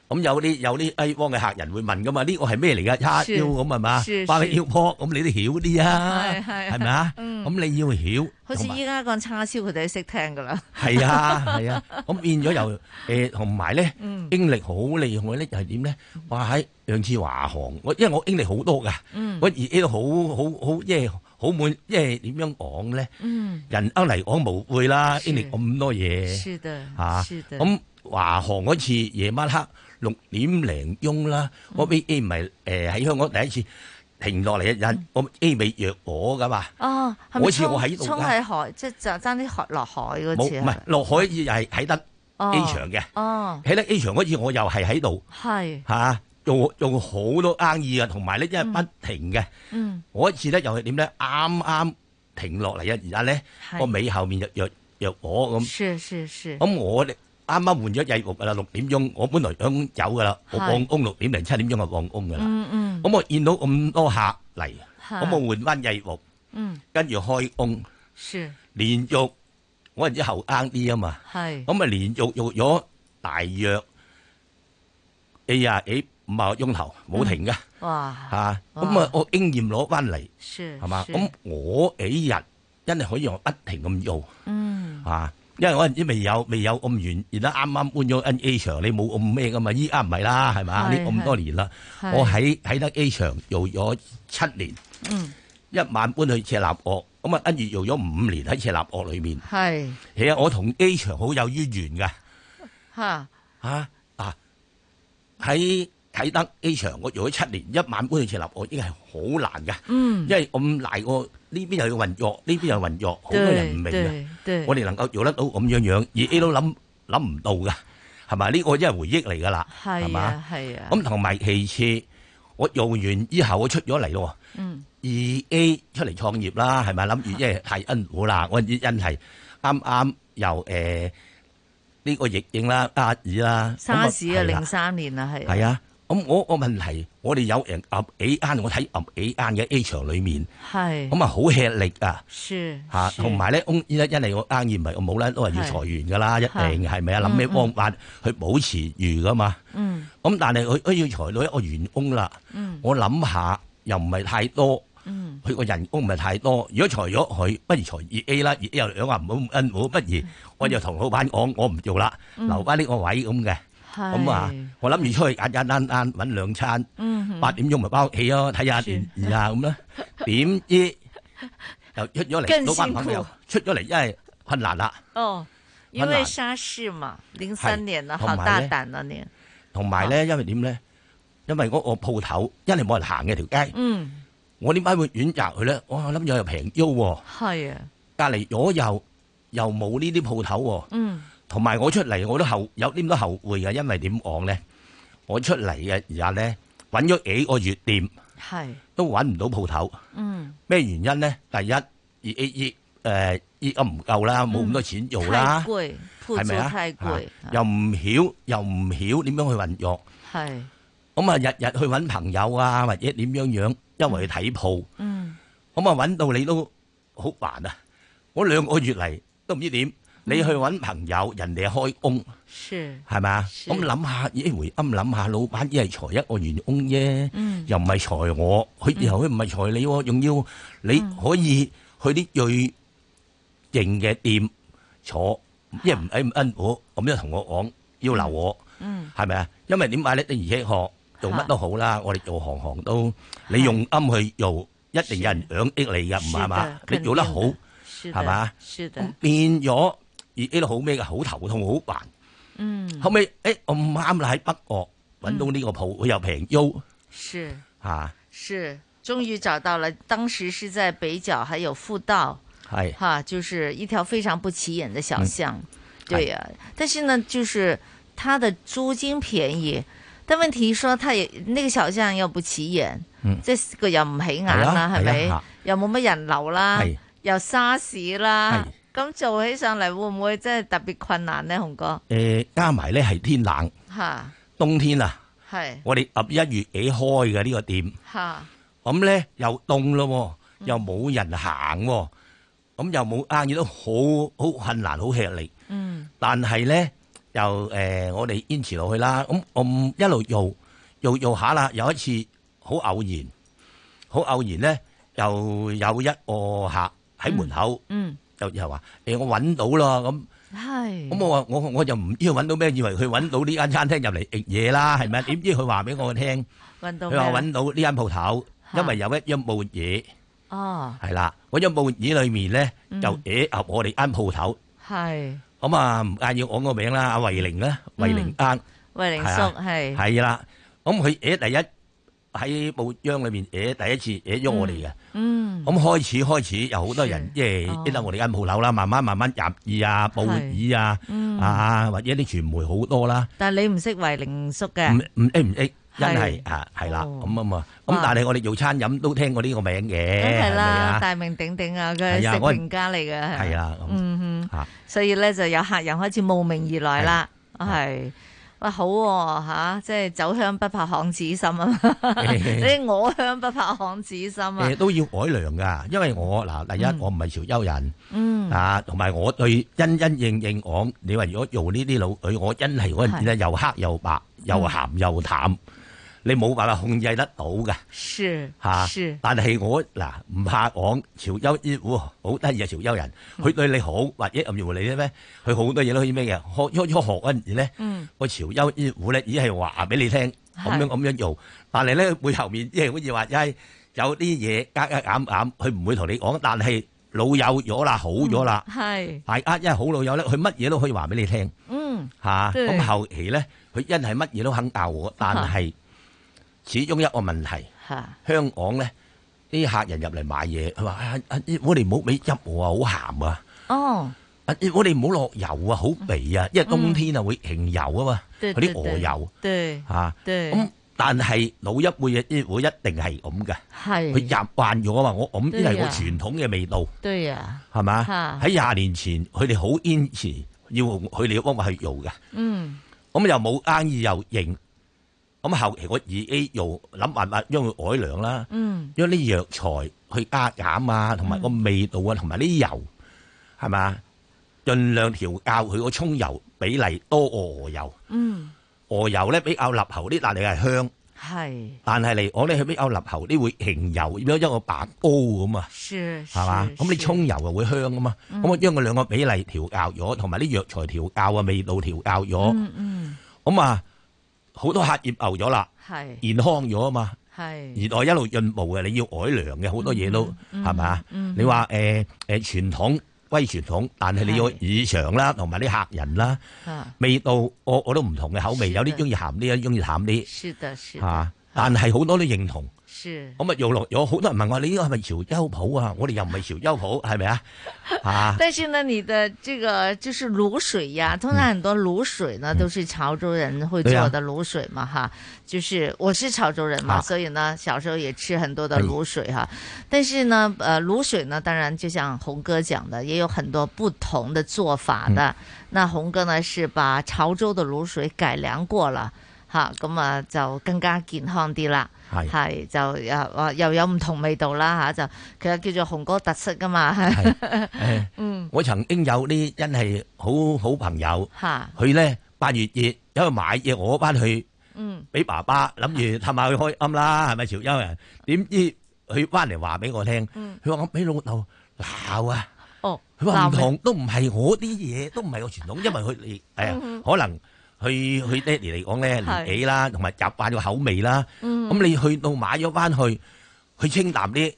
咁有啲有啲 A 幫嘅客人會問㗎嘛，呢個係咩嚟㗎？叉燒咁係嘛？花栗腰殼咁你都曉啲啊，係咪啊？咁你要曉，好似依家講叉燒，佢哋識聽㗎啦。係啊係啊，咁變咗又誒同埋咧，經歷好厲害咧，係點咧？哇喺兩次華航，我因為我經歷好多㗎，我熱氣都好好好因為。好滿，即係點樣講咧？嗯、人厄嚟我無會啦，是經歷咁多嘢嚇。咁華航嗰次夜晚黑六點零鐘啦，我 A A 唔係誒喺香港第一次停落嚟一日，嗯、我 A 未約我噶嘛？哦，嗰次我喺沖喺海，即係就爭啲落海嗰次唔係落海，又係喺得機場嘅。哦，喺得機場嗰次，我又係喺度。係嚇。做做好多生意啊，同埋咧，因為不停嘅。嗯。我一次咧又係點咧？啱啱停落嚟啊，而家咧個尾後面又又又我咁。是是是。咁我哋啱啱換咗日服啊，六點鐘我本來想走噶啦，我放工六點零七點鐘就放工噶啦。嗯嗯。咁我見到咁多客嚟，咁我換翻日服。嗯。跟住開工。是。連續我然之後硬啲啊嘛。係。咁啊，連續用咗大約哎呀，哎～唔係鐘頭冇停噶，吓，咁啊！我經驗攞翻嚟，係嘛？咁我幾日真係可以用不停咁用，吓，因為我唔知未有未有咁遠，而家啱啱搬咗 N A 場，你冇咁咩噶嘛？依家唔係啦，係嘛？呢咁多年啦，我喺喺得 A 場用咗七年，一晚搬去赤鱲角，咁啊跟住用咗五年喺赤鱲角裏面。係其實我同 A 場好有淵源噶，吓吓啊喺。睇得 A 場我做咗七年，一晚搬去設立，我已經係好難噶，因為咁難，個呢邊又要運作，呢邊又運作，好多人唔明啊！我哋能夠做得到咁樣樣，而 A 都諗諗唔到噶，係嘛？呢個真係回憶嚟噶啦，係嘛？係啊。咁同埋其次，我用完之後我出咗嚟咯，嗯，二 A 出嚟創業啦，係咪諗住？因為係恩賜啦，我真係啱啱由誒呢個逆境啦、沙爾啦、沙士啊，零三年啊，係。係啊。咁我個問題，我哋有人噏幾間，我睇噏幾間嘅 A 場裏面，咁啊好吃力啊，嚇是，同埋咧，一一嚟我啱而唔係我冇咧，都係要裁員㗎啦，是一定係咪啊？諗咩方法去保持住㗎嘛？咁、嗯嗯、但係佢都要裁到一個員工啦，嗯、我諗下又唔係太多，佢個、嗯、人工唔係太多，如果裁咗佢，不如裁二 A 啦，二 A 又兩話唔好，唔好，不如我就同老闆講，我唔做啦，留返呢個位咁嘅。咁啊！我諗住出去揦揦揦揦揾兩餐，八點鐘咪包屋企咯，睇下點廿咁啦。點知又出咗嚟，嗰班朋友出咗嚟，因為困難啦。哦，因為沙士嘛，零三年啦，好大膽啊你。同埋咧，因為點咧？因為嗰個鋪頭因為冇人行嘅條街。嗯，我點解會選擇去咧？我諗又係平租。係啊，隔籬左右又冇呢啲鋪頭。嗯。同埋我出嚟我都後有啲咁多後悔嘅，因為點講咧？我出嚟嘅而家咧，揾咗幾個月店，都揾唔到鋪頭。咩原因咧？第一，熱熱熱誒熱咁唔夠啦，冇咁多錢做啦，係咪啊？太攰，又唔曉又唔曉點樣去運作。係咁啊，日日去揾朋友啊，或者點樣樣，因為去睇鋪。咁啊揾到你都好煩啊！我兩個月嚟都唔知點。你去揾朋友，人哋開工，係咪啊？咁諗下，咦？回暗諗下，老闆只係裁一個員工啫，又唔係裁我，佢以後佢唔係裁你，仲要你可以去啲銳型嘅店坐，因為唔喺唔啱我，咁樣同我講要留我，係咪啊？因為點解咧？你而且學做乜都好啦，我哋做行行都，你用暗去做，一定有人養益你嘅，唔係嘛？你做得好，係嘛？變咗。呢度好咩㗎，好頭痛，好煩。嗯，後尾，誒，我唔啱啦，喺北角揾到呢個鋪，佢又平又吓，是終於找到了。當時是在北角，還有富道，係吓，就是一條非常不起眼的小巷。對啊，但是呢，就是它的租金便宜，但問題係，它也那個小巷又不起眼，嗯，即係這又唔起眼啦，係咪？又冇乜人流啦，又沙士啦。咁做起上嚟會唔會真係特別困難咧？鴻哥，誒、呃，加埋咧係天冷，吓哈冬天啊，係是我哋十一月幾開嘅呢個店，吓咁咧又凍咯，又冇人行，咁又冇生意都好好困難，好吃力。嗯，但係咧又誒、呃，我哋堅持落去啦。咁、嗯、我一路又做做下啦，有一次好偶然，好偶然咧，又有一個客喺門口，嗯。嗯又又話誒，我揾到啦咁，咁我話我我就唔知揾到咩，以為佢揾到呢間餐廳入嚟食嘢啦，係咪？點知佢話俾我聽，佢話揾到呢間鋪頭，因為有一一幕嘢，哦，係啦，嗰一幕嘢裏面咧就誒合我哋間鋪頭，係，咁啊唔介意講我個名啦，阿偉鴻啦，偉鴻啊，偉鴻叔係，係啦，咁佢誒第一。喺報章裏面，誒第一次誒喐我哋嘅，咁開始開始有好多人，即係啲攞我哋間鋪頭啦，慢慢慢慢入耳啊，冇意啊，啊或者啲傳媒好多啦。但係你唔識唯靈叔嘅，唔唔誒唔誒，真係啊係啦，咁啊嘛，咁但係我哋做餐飲都聽過呢個名嘅，係啦，大名鼎鼎啊，佢食評家嚟嘅，係啊，嗯哼，所以咧就有客人開始慕名而來啦，係。哇好喎、啊、嚇、啊，即係酒香不怕巷子深啊嘛，啲 我香不怕巷子深啊，嗯嗯、都要改良㗎，因為我嗱第一我唔係潮州人，嗯，嗯啊，同埋我對因因應應應講，你話如果做呢啲老，佢我真係嗰陣時咧又黑又白是又鹹又淡。嗯嗯你冇辦法控制得到嘅，嚇，但係我嗱唔怕講潮州醫護好得意嘅潮州人，佢對你好，或者暗住你咧，佢好多嘢都可以咩嘅，可喐一喐學嗰陣時咧，個潮州醫護咧，已經係話俾你聽，咁樣咁樣做，但係咧會後面即係好似話，有啲嘢隔一眼眼，佢唔會同你講。但係老友咗啦，好咗啦，係係，因為好老友咧，佢乜嘢都可以話俾你聽，嚇。咁後期咧，佢因係乜嘢都肯教我，但係。始終一個問題，香港呢啲客人入嚟買嘢，佢話我哋唔好俾汁，我話好鹹啊！哦，我哋唔好落油啊，好肥啊，因為冬天啊會凝油啊嘛，嗰啲鵝油，吓咁。但係老一輩亦會一定係咁嘅，係佢入慣咗嘛，我咁啲係我傳統嘅味道，對啊，係嘛？喺廿年前，佢哋好堅持要用佢哋屈埋係油嘅，嗯，咁又冇硬意又認。咁後期我以啲油諗辦法將佢改良啦，將啲藥材去加減啊，同埋個味道啊，同埋啲油係嘛？儘量調校佢個葱油比例多過鵝油，鵝油咧比較立喉啲，但你係香。係，但係嚟我咧去比較立喉啲會型油，變咗一個白膏咁啊，係嘛？咁啲葱油啊會香啊嘛，咁啊將佢兩個比例調校咗，同埋啲藥材調校啊味道調校咗，咁啊。好多客業牛咗啦，是健康咗啊嘛，是而我一路進步嘅，你要改良嘅，好多嘢都係咪？你話誒誒傳統、歸傳統，但係你要以常啦，同埋啲客人啦，味道我我都唔同嘅口味，的有啲中意鹹啲，有啲中意淡啲，嚇，但係好多都認同。咁啊，是我們有有好多人問我，你呢個係咪潮州普？啊我哋又唔係潮州普，係咪啊？啊！ 但是呢，你的這個就是滷水呀，通常很多滷水呢，都是潮州人會做的滷水嘛，哈、嗯，就是我是潮州人嘛，啊、所以呢，小時候也吃很多的滷水哈。啊、但是呢，呃，滷水呢，當然就像鴻哥講的，也有很多不同的做法的。嗯、那鴻哥呢，是把潮州的滷水改良過了，哈咁啊就更加健康啲啦。係，就又話又有唔同味道啦吓，就其實叫做紅歌特色噶嘛。嗯，我曾經有啲恩係好好朋友，佢咧八月二，因為買嘢我翻去，嗯，俾爸爸諗住探下佢開庵啦，係咪潮州人？點知佢翻嚟話俾我聽，佢話我俾老豆鬧啊，哦，佢話唔同都唔係我啲嘢，都唔係我傳統，因為佢誒可能。去去爹哋嚟講咧年紀啦，同埋習慣個口味啦。咁你去到買咗翻去，去清淡啲，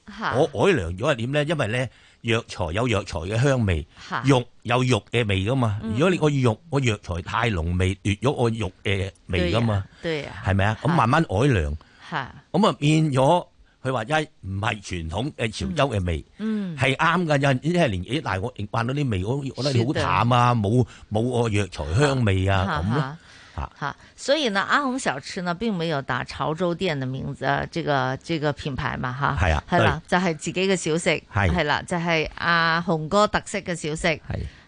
我改良咗係點咧？因為咧藥材有藥材嘅香味，肉有肉嘅味噶嘛。如果你個肉個藥材太濃味，奪咗個肉嘅味噶嘛，對啊，係咪啊？咁慢慢改良，咁啊變咗。佢話一唔係傳統嘅潮州嘅味，係啱㗎。有啲係年紀大，我聞到啲味，我覺得好淡啊，冇冇個藥材香味啊咁咯。嚇嚇，所以呢，阿鴻小吃呢並沒有打潮州店嘅名字，這個這個品牌嘛，嚇。係啊，係啦，就係自己嘅小食，係啦，就係阿鴻哥特色嘅小食。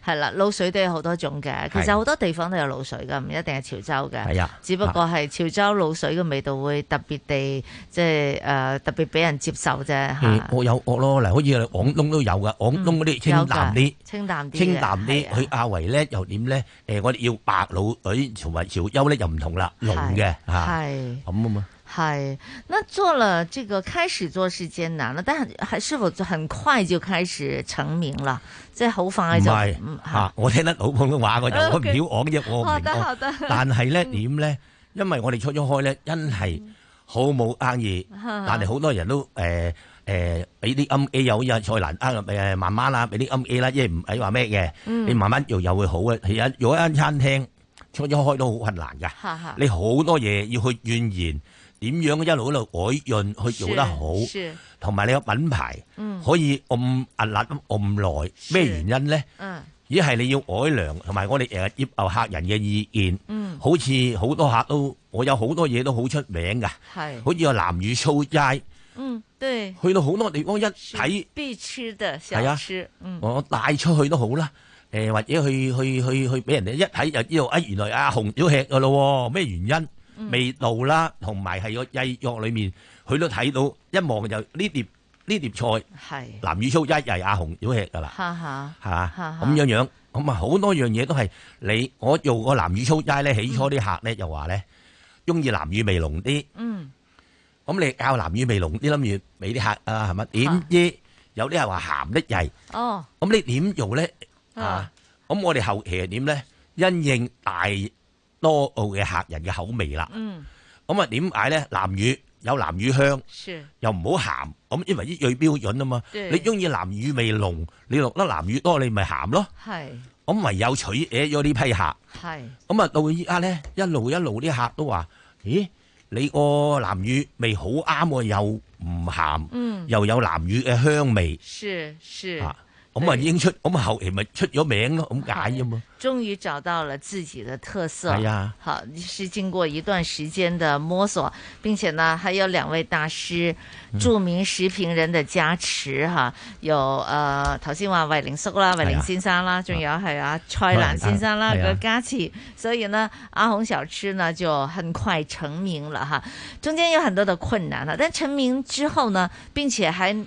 係啦，滷水都有好多種嘅，其實好多地方都有滷水㗎，唔一定係潮州嘅，只不過係潮州滷水嘅味道會特別地，即係誒特別俾人接受啫吓。我有我咯，嗱，好似廣東都有㗎，廣東嗰啲清淡啲，清淡啲，清淡啲。去阿維咧又點咧？誒，我哋要白滷水，同埋潮優咧又唔同啦，濃嘅吓，係，咁啊嘛。係，那做了這個開始做是艱難啦，但係是，是否就很快就開始成名了？在侯坊嚟講，吓是是、啊，我聽得好普通話，我就表我一我明。得得 Okay.，但係咧點咧？因為我哋初咗開咧，真係好冇硬意，嗯、但係好多人都誒誒俾啲 m A 有啊，再難誒、呃、慢慢啦，俾啲 m A 啦，即係唔係話咩嘅，你慢慢又又會好嘅。嗯、其實如果一間餐廳初初開都好困難噶，哈哈你好多嘢要去怨言。點樣一路一路改潤去做得好，同埋你個品牌，嗯、可以咁屹立咁耐，咩原因咧？而係，嗯、你要改良，同埋我哋誒接受客人嘅意見。嗯，好似好多客都，我有好多嘢都好出名噶。係是，好似個南乳粗齋。嗯，對。去到好多地方一睇，必吃嘅。小吃。啊、嗯、我帶出去都好啦。誒、呃，或者去去去去俾人哋一睇就知道，啊、哎，原來阿、啊、鴻小吃噶咯，咩原因？味道啦，同埋係個契約裏面，佢都睇到一望就呢碟呢碟菜，南乳酥齋係阿鴻小吃噶啦，係嘛，咁樣樣，咁啊好多樣嘢都係你我做個南乳酥齋咧，起初啲客咧又話咧，中意南乳味濃啲，咁你教南乳味濃啲諗住俾啲客啊係咪？點知有啲人話鹹得滯，咁你點做咧？啊，咁我哋後期係點咧？因應大。多澳嘅客人嘅口味啦，咁啊點解咧？南乳有南乳香，是又唔好鹹，咁因為最標準啊嘛。對你中意南乳味濃，你落得南乳多，你咪鹹咯。係是，咁唯有取誒咗啲批客。係是，咁啊到而家咧，一路一路啲客都話，咦，你個南乳味好啱，又唔鹹，嗯、又有南乳嘅香味。是是。是啊。咁啊，已經出，咁對啊，後期咪出咗名咯，咁解啊嘛。終於找到了自己的特色，係啊，好，是經過一段時間的摸索，並且呢，還有兩位大師，著名食評人的加持，哈、嗯啊，有呃頭先話、唯靈叔啦唯靈先生啦，仲、啊啊、有係阿蔡瀾先生啦嘅加持，所以呢，阿鴻小吃呢就很快成名了，哈、啊，中間有很多的困難啦，但成名之後呢，並且還。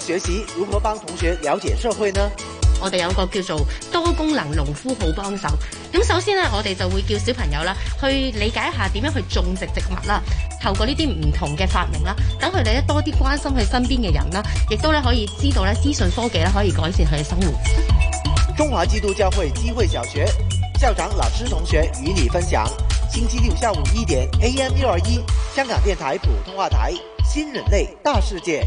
學習如何幫同學了解社會呢？我哋有個叫做多功能農夫好幫手。咁首先呢我哋就會叫小朋友啦去理解一下點樣去種植植物啦。透過呢啲唔同嘅發明啦，等佢哋咧多啲關心佢身邊嘅人啦，亦都咧可以知道咧資訊科技咧可以改善佢嘅生活。中華基督教會基慧小學校長老師同學與你分享，星期六下午一點 AM 六二一，香港電台普通話台，新人類大世界。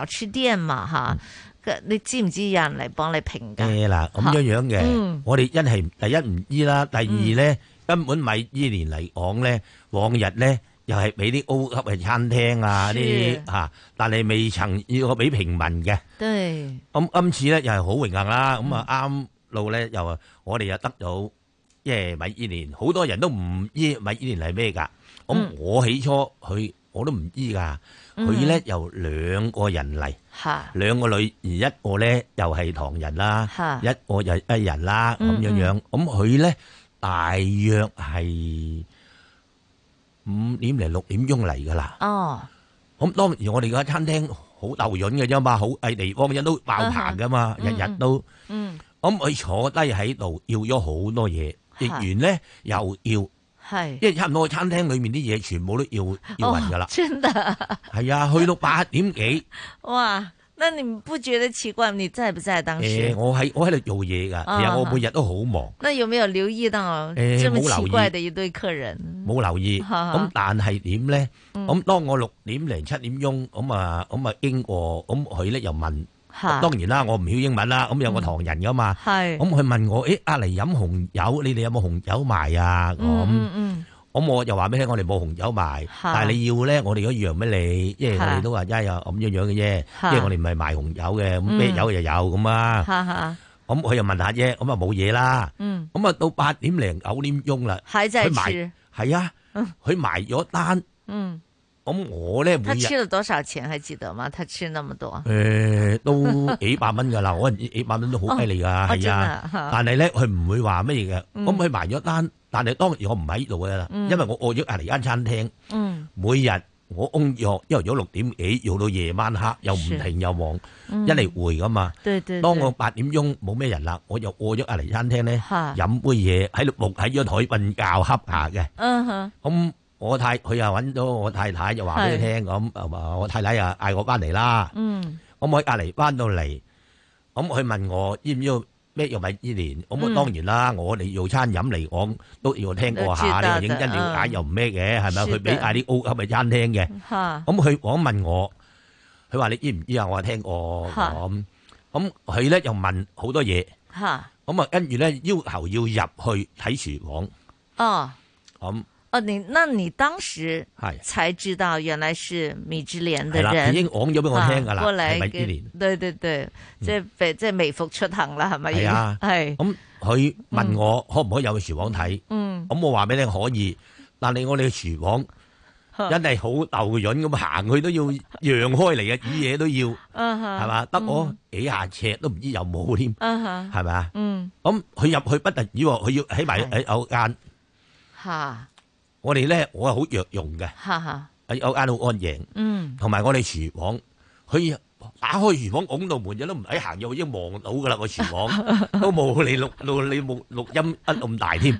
我出啲人嘛嚇，你知唔知有人嚟幫你評價？嗱咁樣樣嘅，我哋一係第一唔知啦，第二咧根本米芝蓮嚟講咧，往日咧又係俾啲高級嘅餐廳啊啲嚇，但係未曾要俾平民嘅。對，咁今次咧又係好榮幸啦。咁啊啱路咧又話我哋又得到，即係米芝蓮，好多人都唔知米芝蓮係咩㗎？咁我起初去我都唔知㗎。佢咧由兩個人嚟，兩個女而一個咧又係唐人啦，一個又係人啦咁樣樣。咁佢咧大約係五點零六點鐘嚟噶啦。哦，咁當然我哋間餐廳好流韻嘅啫嘛，好矮地方嘅人都爆棚噶嘛，日日都。嗯，咁佢坐低喺度要咗好多嘢，食完咧又要。係，因為 差唔多，餐廳裏面啲嘢，全部都要要運噶啦，真的，係啊，去到八點幾。哇，那你不覺得奇怪？你在不在當時？誒、呃，我喺我喺度做嘢噶，其實我每日都好忙，啊。那有沒有留意到這麼奇怪的一對客人？冇、呃、留意，咁但係點咧？咁當我六點零七點鐘咁啊咁啊經過，咁佢咧又問。當然啦，我唔曉英文啦，咁有個唐人噶嘛，咁佢問我，誒，阿嚟飲紅酒，你哋有冇紅酒賣啊？咁，我我又話俾你聽，我哋冇紅酒賣，但係你要咧，我哋如果讓俾你，即係我哋都話齋有咁樣樣嘅啫，即係我哋唔係賣紅酒嘅，咩有就有咁啊。咁佢又問下啫，咁啊冇嘢啦。咁啊到八點零九點鐘啦，係就係，係啊，佢埋咗單。咁我咧每日，佢食咗多少錢還記得嘛？佢食咗咁麼多，誒，都幾百蚊噶啦，我幾百蚊都好犀利噶，係啊，但係咧佢唔會話乜嘢嘅。咁佢埋咗單，但係當時我唔喺度啊，因為我過咗阿黎間餐廳，每日我工作由咗六點幾，要到夜晚黑，又唔停又忙，一嚟回噶嘛。當我八點鐘冇咩人啦，我又過咗阿黎餐廳咧，飲杯嘢喺度木喺張台瞓覺恰下嘅。咁。我太佢又揾到我太太，又話俾你聽咁，誒，我太太又嗌我翻嚟啦。嗯，我喺隔籬翻到嚟，咁佢問我知唔知咩又咪依年，咁當然啦，我哋做餐飲嚟講都要聽過下，你認真了解又唔咩嘅，係咪啊？佢俾嗌啲屋係咪餐廳嘅？吓，咁佢我問我，佢話你知唔知啊？我話聽過咁，咁佢咧又問好多嘢。吓，咁啊跟住咧要求要入去睇廚房。哦，咁。哦，你那你當時係才知道原來是米芝蓮的人係啦，已經講咗俾我聽噶啦，過來個米芝蓮，對對對，即係即係微服出行啦，係咪？係啊，係。咁佢問我可唔可以有去廚房睇？嗯，咁我話俾你聽可以，但係我哋嘅廚房真係好牛潤咁行去都要讓開嚟嘅，煮嘢都要，啊哈，係嘛？得我幾下尺都唔知有冇添，啊哈，係嘛？嗯，咁佢入去不但要，佢要起埋喺後間，吓。我哋咧，我係好弱用嘅，有間好安靜，同埋我哋廚房，佢打開廚房拱到門，都唔使行，又已經望到㗎啦。個廚房都冇你錄，你冇錄音噏咁大添，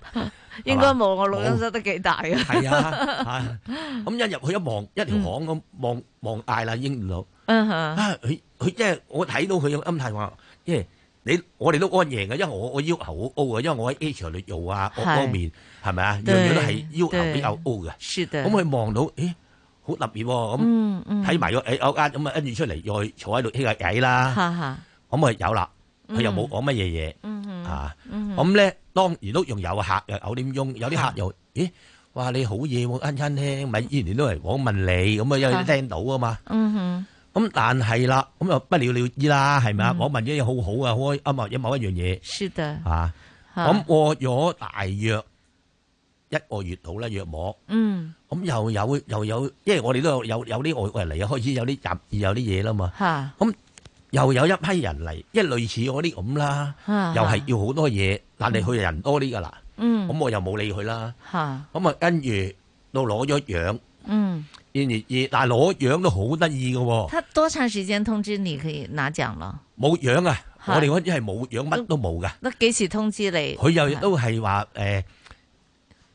應該冇。我錄音室得幾大啊？係啊，咁一入去一望一條巷咁望望大啦，已經老啊！佢佢即係我睇到佢嘅音量，即係。你我哋都安贏嘅，因為我我要求好高嘅，因為我喺 H 嚟做啊，各方面係咪啊？樣樣都係要求比較高嘅。咁佢望到，咦，好立業喎咁，睇埋咗誒牛眼咁啊，跟住出嚟又坐喺度傾下偈啦。咁啊有啦，佢又冇講乜嘢嘢啊。咁咧，當時都仲有客，九點鐘有啲客又，咦，哇，你好嘢喎，啱啱聽，咪依然都係我問你咁啊，有聽到啊嘛。咁但係啦，咁又不了了之啦，係咪？我問啲嘢好好啊，開啱啊，有某一樣嘢。是的。啊，咁過咗大約一個月度咧，約我。嗯。咁又有又有，因為我哋都有有啲外國人嚟，開始有啲入，有啲嘢啦嘛。嚇。咁又有一批人嚟，即係類似嗰啲咁啦，又係要好多嘢，但係佢人多啲噶啦。嗯。咁我又冇理佢啦。嚇。咁啊，跟住都攞咗樣。嗯。二二，但係攞獎都好得意嘅。他多長時間通知你可以拿獎咯？冇獎啊！的我哋嗰啲係冇獎，乜都冇嘅。那幾時通知你？佢又都係話誒，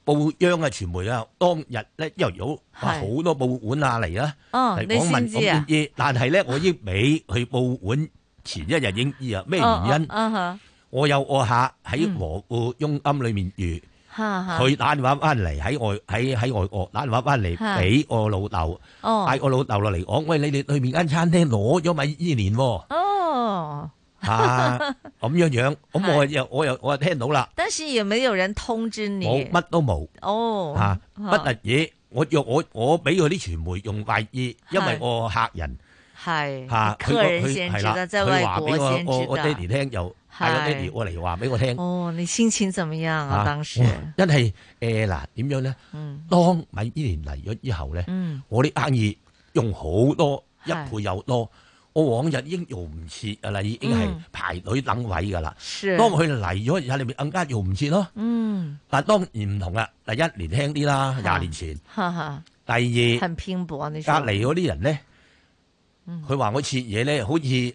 報央嘅傳媒啊，當日咧又有好多報館啊嚟啊。嚟訪的問我。哦啊、但係咧，我依尾去報館前一日已經二啊，咩原因？哦啊、我有我客喺和富雍庵裏面住。嗯佢打電話翻嚟喺外喺喺外國打電話翻嚟俾我老豆，嗌我老豆落嚟講，喂你哋去邊間餐廳攞咗米芝蓮喎？哦，嚇咁樣樣，咁我又我又我聽到啦。但係又冇有人通知你。我乜都冇。哦，嚇，不但止，我約我我俾佢啲傳媒用怪衣，因為我客人係嚇，客人先知道，在外國先知道。係爹哋，我嚟，話俾我聽。哦，你心情怎麼樣啊？當時，一係誒嗱，點樣咧？當米依年嚟咗之後咧，我啲生意用好多一倍又多。我往日應用唔切噶啦，已經係排隊等位噶啦。當佢嚟咗而家，你咪更加用唔切咯。嗯，但當然唔同啦。嗱，一年輕啲啦，廿年前。哈哈。第二，隔籬嗰啲人咧，佢話我切嘢咧，好似……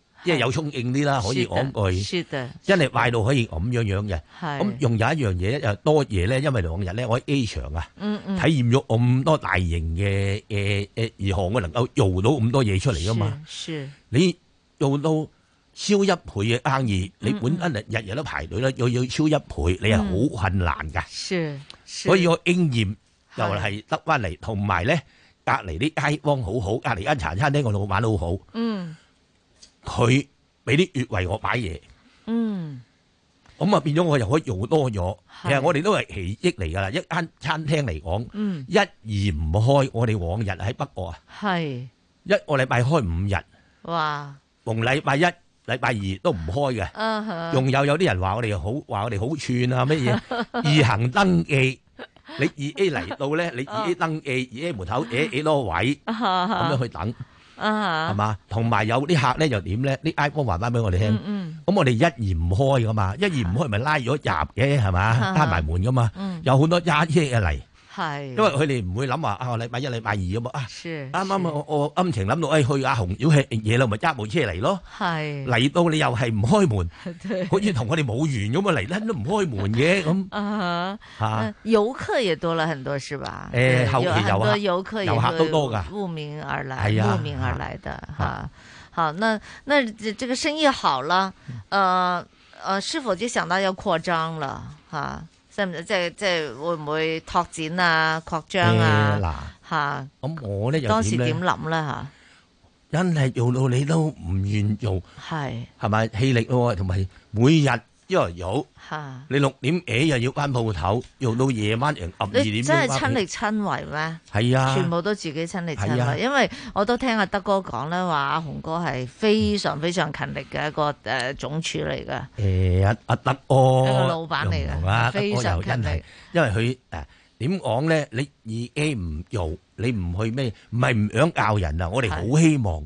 即係有衝勁啲啦，可以講句，真係壞到可以咁樣這樣嘅。咁的用有一樣嘢，又多嘢咧。因為兩日咧，我喺 A 場啊，嗯嗯、體驗咗咁多大型嘅誒誒二項，呃呃、我能夠做到咁多嘢出嚟噶嘛。你做到燒一倍嘅生意，嗯、你本身日日都排隊咧，又要燒一倍，你係好困難嘅。嗯、所以我經驗又係得翻嚟，同埋咧隔離啲街坊好好，隔離間茶餐廳我老玩得好。嗯。佢俾啲月為我擺嘢，嗯，咁啊變咗我又可以用多咗。是其實我哋都係奇蹟嚟噶啦，一間餐廳嚟講，嗯，一二唔開，我哋往日喺北角啊，係是一個禮拜開五日，哇，逢禮拜一、禮拜二都唔開嘅，仲有有啲人話我哋好，話我哋好串啊，乜嘢、啊？二行登記，你二 A 嚟到咧，你二 A 登記，二 A 門口誒誒攞位，咁、啊啊、樣去等。啊，係嘛，同 埋有啲客咧又點咧？啲 iPhone 話返畀我哋聽，咁、嗯嗯、我哋一閤唔開噶嘛，一閤唔開咪拉咗閘嘅，係嘛，拉埋門噶嘛，有好多廿億嘅嚟。係，因為佢哋唔會諗話啊，禮拜一、禮拜二咁啊，啱啱我我暗情諗到，哎，去阿鴻要吃嘢啦，咪揸部車嚟咯，係嚟到你又係唔開門，好似同我哋冇緣咁啊嚟得都唔開門嘅咁。吓，遊客也多了很多，是吧？誒，後期有啊。多遊客，遊客都多噶，慕名而來，慕名而來的哈。好，那那這個生意好啦。呃呃，是否就想到要擴張了？吓。即係即係即係會唔會拓展啊、擴張啊？嗱嚇、嗯，咁是我咧當時點諗咧吓，因係做到你都唔願做，係係咪氣力咯，同埋每日。因為有，你六點誒又要返鋪頭，用到夜晚，連二點。你真係親力親為咩？係啊，全部都自己親力親為。係啊，因為我都聽阿德哥講咧，話阿鴻哥係非常非常勤力嘅一個誒總廚嚟噶。誒，阿阿德哥，老闆嚟㗎，非常勤力。因為佢誒點講咧，你已經唔用，你唔去咩？唔係唔想教人啊，我哋好希望。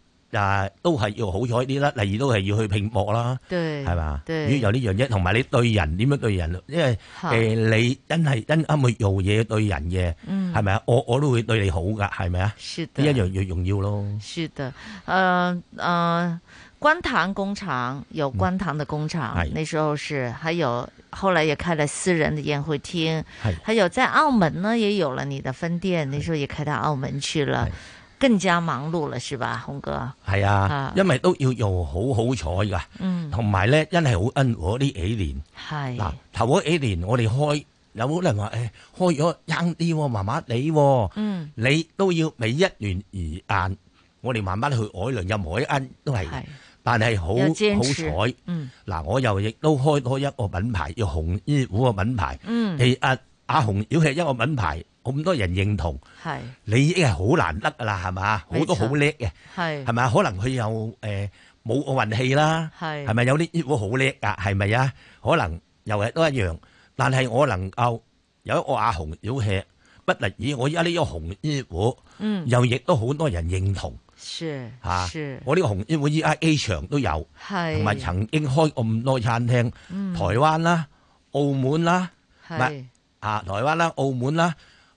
嗱，都係要好彩啲啦，例如都係要去拼搏啦，係嘛？如果有呢樣嘢，同埋你對人點樣對人，因為誒你真係真啱去做嘢對人嘅，係咪啊？我我都會對你好噶，係咪啊？呢一樣要重要咯。是的，誒誒，觀塘工廠有觀塘嘅工廠，那時候是，還有後來也開了私人嘅宴會廳，還有在澳門呢也有了你的分店，那時候也開到澳門去了。更加忙碌啦，是吧，鴻哥？係啊，因為都要又好好彩噶，同埋咧真係好恩和呢幾年。係嗱，頭嗰幾年我哋開有好多人話，誒，開咗差啲，麻麻地。嗯，你都要每一年而硬，我哋慢慢去改良，有冇啲恩都係，但係好好彩。嗯，嗱，我又亦都開多一個品牌，又紅衣虎個品牌。嗯，係阿阿紅，要係一個品牌。咁多人認同，你已經係好難得噶啦，係咪？好多好叻嘅，係咪啊？可能佢又誒冇運氣啦，係咪有啲熱火好叻噶？係咪啊？可能又係都一樣，但係我能夠有一個阿鴻要吃，不能以我而家呢個紅熱火，嗯，又亦都好多人認同，係我呢個紅熱火依家機場都有，係同埋曾經開咁多餐廳，台灣啦、澳門啦，係啊，台灣啦、澳門啦。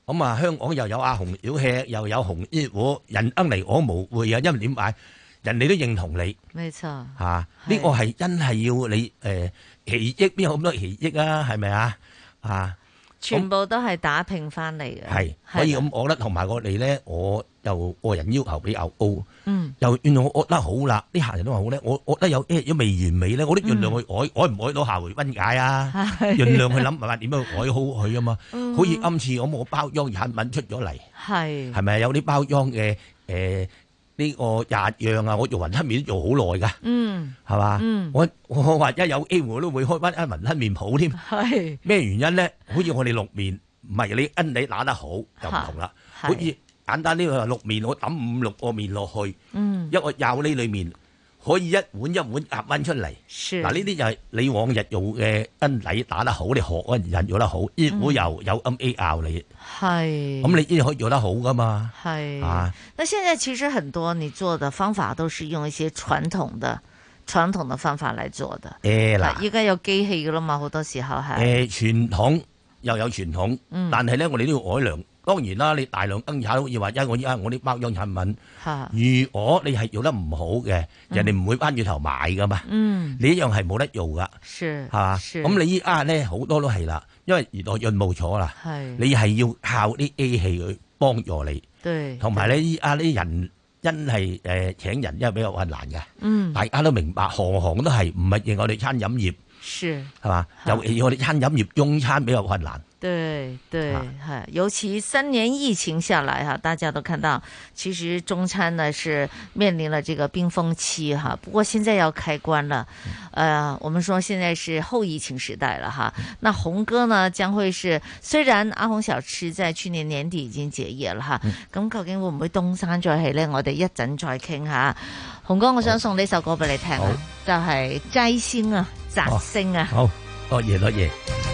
咁啊，香港又有阿鴻小吃，又有紅熱火，人呃，嚟我無會啊，因為點解人哋都認同你？冇錯錯，嚇、啊，呢個係真係要你誒、呃、奇蹟，邊有咁多奇蹟啊？係咪啊？啊！全部都係打拼翻嚟嘅，係可以咁，我覺得同埋我哋咧，我又個人要求比較高，嗯，又原來我覺得好啦，啲客人都話好咧，我我覺得有誒有未完美咧，我啲儘量去改改唔可以攞下回分解啊，儘量去諗辦法，點樣去改好佢啊嘛。好似今次咁我冇包裝產品出咗嚟，係係咪有啲包裝嘅誒？呢個廿樣啊，我做雲吞麵都做好耐㗎，係嘛？我我話一有機會我都會開翻一雲吞麵鋪添。係咩是原因咧？好似我哋碌麵，唔係你恩你攪得好就唔同啦。好似簡單啲話碌麵，我揼五六個麵落去，嗯、因為有呢裏面。可以一碗一碗壓翻出嚟，嗱呢啲就係你往日用嘅根底打得好，你學嗰陣又做得好，依股又有 m A 咬你，係、嗯，咁你亦可以做得好噶嘛，係是，啊，那現在其實很多你做的方法都是用一些傳統嘅傳統的方法嚟做嘅。誒嗱、呃，依家有機器噶啦嘛，好多時候係，誒傳、呃、統又有傳統，但係咧我哋都要改良。當然啦，你大量跟住炒，好似話因我因我啲包裝產品，如果你係做得唔好嘅，人哋唔會翻轉頭買㗎嘛。嗯，你一樣係冇得做㗎，係嘛？咁你依家咧好多都係啦，因為原來任務重啦，你係要靠啲機器去幫助你。對，同埋咧依家啲人因係誒請人因為比較困難嘅，大家都明白行行都係唔係認我哋餐飲業，係嘛？尤其我哋餐飲業中餐比較困難。對對，哈，尤其三年疫情下來哈，大家都看到，其實中餐呢是面臨了這個冰封期哈。不過現在要開關了，嗯、呃，我們說現在是後疫情時代了哈。嗯、那紅哥呢將會是，雖然阿紅小吃在去年年底已經結業了哈，咁、嗯、究竟會唔會東山再起呢？我哋一陣再傾哈。紅哥，我想送呢首歌俾你聽，哦、就係摘星啊，摘星啊，哦、好，多謝多謝。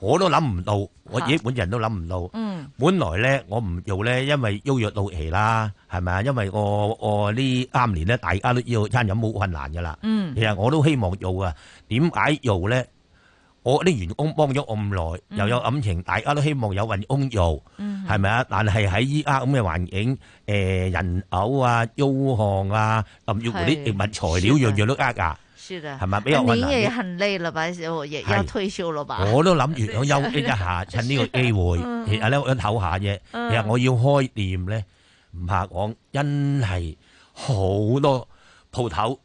我都諗唔到，我自己本人都諗唔到。啊嗯、本來咧，我唔做咧，因為租約到期啦，係咪啊？因為我我呢啱年咧，大家都要餐飲冇困難噶啦。嗯、其實我都希望做啊，點解做咧？我啲員工幫咗我咁耐，嗯、又有感情，大家都希望有份工做，係咪啊？但係喺依家咁嘅環境，誒、呃，人偶啊，租項啊，甚至乎啲物材料樣樣的都呃啊！係咪俾我，你也很累了吧？我也要退休了吧？我都諗住想休息一下，趁呢個機會，然後咧想唞下啫。嗯、其實我要開店咧，唔怕講，真係好多鋪頭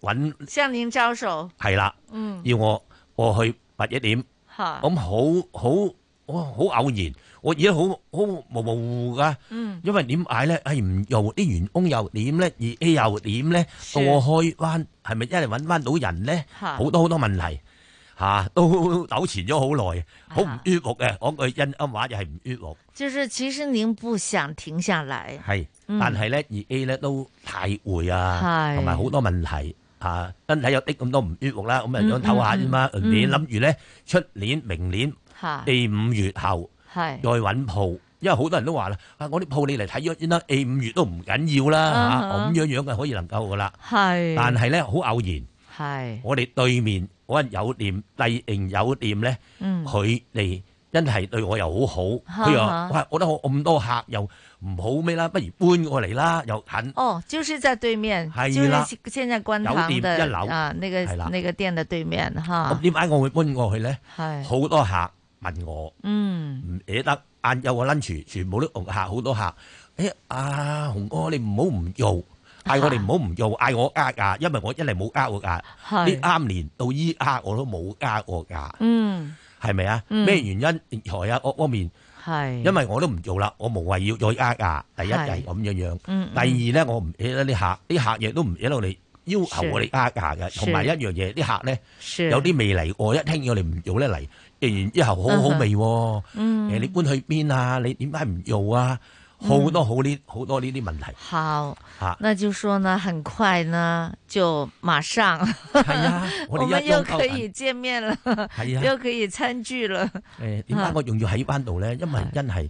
搵向您招手，係啦，嗯，要我過去撥一點，咁好好。我好偶然，我而家好好模模糊糊噶，因為點解咧？哎唔又啲員工又點咧？而 A 又點咧？我開翻係咪一係搵翻到人咧？好多好多問題吓都糾纏咗好耐，好唔舒服嘅。講句印音話又係唔舒服。就係其實您唔想停下嚟，係但係咧，而 A 咧都太攰啊，同埋好多問題啊，身體有啲咁多唔舒服啦，咁啊想唞下啫嘛。你諗住咧，出年明年，A 五月後再揾鋪，因為好多人都話啦，啊我啲鋪你嚟睇咗先 a 五月都唔緊要啦，咁樣樣就可以能夠嘅啦。係，但係咧好偶然，我哋對面嗰間有店，例盈有店咧，佢哋真係對我又好好。佢話：我覺得我咁多客又唔好咩啦，不如搬過嚟啦，又肯。哦，就是在對面係啦，現在觀塘嘅酒店一樓啊，那個係啦，那個店的對面嚇。咁點解我會搬過去咧？係好多客。問我，唔記得晏晝個 lunch，全部都客好多客。哎，阿鴻哥，你唔好唔做，嗌我哋唔好唔做，嗌我呃價，因為我一嚟冇呃過價，啱年到依刻我都冇呃過價。嗯，係咪啊？咩原因在啊？方方面，係因為我都唔做啦，我無謂要再呃價。第一就係咁樣樣，第二咧我唔記得啲客，啲客亦都唔記得我哋要求我哋呃價嘅，同埋一樣嘢啲客咧，有啲未嚟過，一聽我哋唔做咧嚟。然之後好好味，誒、嗯嗯呃，你搬去邊啊？你點解唔用啊？好多好呢，好、嗯、多呢啲問題。好吓，啊、那就說呢，很快呢，就馬上，係啊， 我哋又可以見面喇，係啊，又可以餐聚喇。誒、呃，點解我仲要喺班度咧？因為真係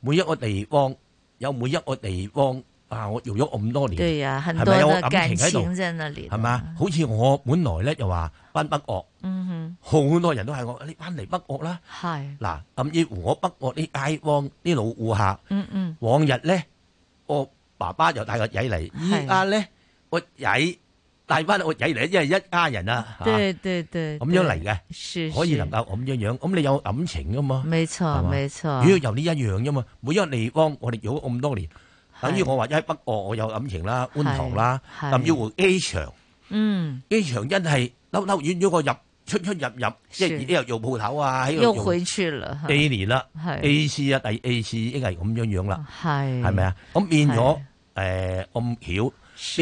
每一個地方、啊、有每一個地方啊，我用咗咁多年，係咪有感情喺度？係咪？好似我本來咧又話分北角。嗯哼，好多人都係我，你翻嚟北岳啦，係嗱，咁啲要我北岳啲街坊啲老戶客，嗯嗯，往日咧，我爸爸又帶個仔嚟，依家咧，我仔帶翻我仔嚟，因為一家人啦，對對對，咁樣嚟嘅，可以能夠咁樣樣，咁你有感情噶嘛？冇錯，冇錯，主要由呢一樣啫嘛，每一個地方我哋住咁多年，等於我話喺北岳，我有感情啦，觀塘啦，咁要回機場，嗯，機場一係溜溜遠，如果入。出出入入，即係而家又做鋪頭啊！喺度做第二年啦，A C 啊，第 A 次應該係咁樣樣啦，係係咪啊？咁變咗誒，咁曉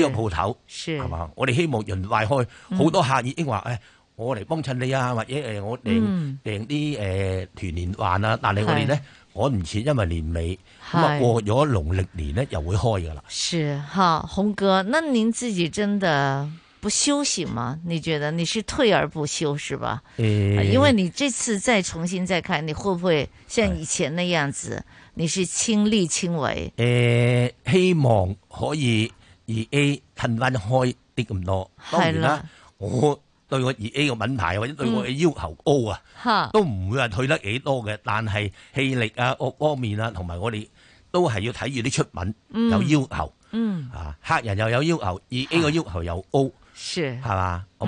呢個鋪頭，係嘛？我哋希望人快開，好多客已經話誒，我嚟幫襯你啊，或者誒我訂訂啲誒團年飯啊。但係我哋咧，我唔似，因為年尾咁啊過咗農曆年咧，又會開噶啦。是哈，鴻哥，那您自己真的。不休息嗎？你覺得你是退而不休，是吧？欸、因為你這次再重新再開，你會不會像以前那樣子？是的你是親力親為？誒、欸，希望可以而家褪翻開啲咁多。係啦，的我對我而家個品牌或者對我嘅要求高啊，都唔會話退得幾多嘅。但係氣力啊，各方面啊，同埋我哋都係要睇住啲出品有要求，嗯。嗯，啊，客人又有要求，而家個要求又高。有 o, 係嘛？咁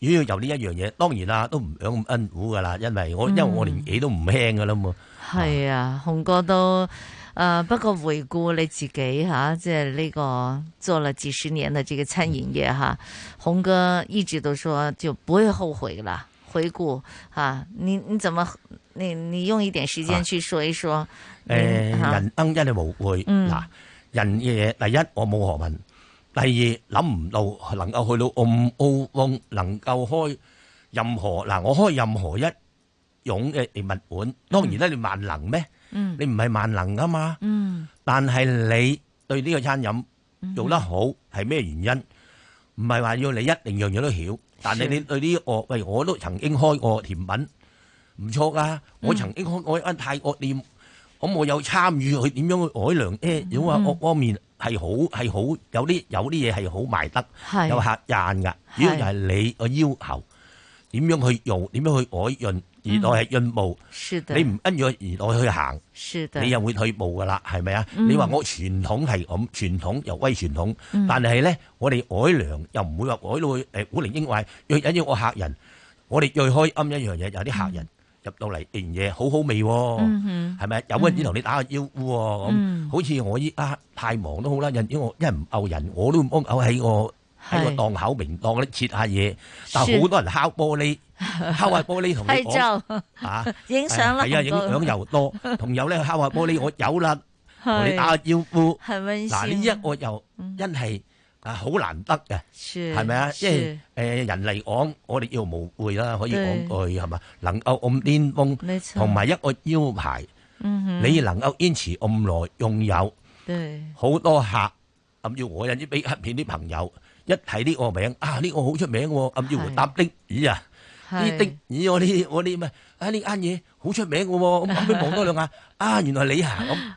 如果有呢一樣嘢，當然啦，都唔想咁辛苦噶啦，因為我、嗯、因為我年紀都唔輕噶啦。係啊，鴻、啊、哥都誒，不過回顧你自己吓，即係呢個做了幾十年的這個餐飲業吓，鴻、啊嗯、哥一直都說就不會後悔啦。回顧吓、啊，你你怎麼你你用一點時間去說一說誒，啊你啊、人生真係無悔。嗱、嗯，人嘅嘢，第一我冇學問。第二諗唔到能夠去到澳澳門，能夠開任何嗱，我開任何一種嘅食物館，當然咧，你萬能咩？嗯，你唔係萬能噶嘛。嗯，但係你對呢個餐飲做得好係咩原因？唔係話要你一定樣樣都曉，但係你對啲餓喂，我都曾經開過甜品，唔錯噶。我曾經開過一間泰國店，咁我有參與去點樣改良誒，有冇啊各方面？係好係好，有啲有啲嘢係好賣得，有客賺㗎。主要就係你個要求點樣去用，點樣去改潤。而我係潤步，你唔跟住而我去行，你又會退步㗎啦。係咪啊？你話我傳統係咁傳統又威傳統，但係咧我哋改良又唔會話改到誒古靈精怪。若然要我客人，我哋最開啱一樣嘢，有啲客人。入到嚟件嘢好好味、哦，係咪、嗯、哼有乜嘢同你打下招呼咁、哦嗯？好似我依家太忙都好啦，人因為我一唔夠人，我都唔唔喺我喺個,是個檔口明檔嗰啲切下嘢，但係好多人敲玻璃，是敲下玻璃同你講影相啦，係 了啊影相、哎、又多， 同有咧敲下玻璃我有啦，同你打下招呼。嗱呢一個又一係。因啊，好難得嘅，係咪啊？即係誒，人嚟講，我哋要無悔啦，可以講句係嘛，能夠咁巔峰，同埋一個招牌，你能夠堅持咁耐，擁有好多客。暗住我有啲俾一片啲朋友一睇呢個名啊，呢個好出名嘅，暗住搭的魚啊，呢的魚我啲我啲咪啊呢間嘢，好出名嘅，咁我俾望多兩眼，啊，原來你啊咁。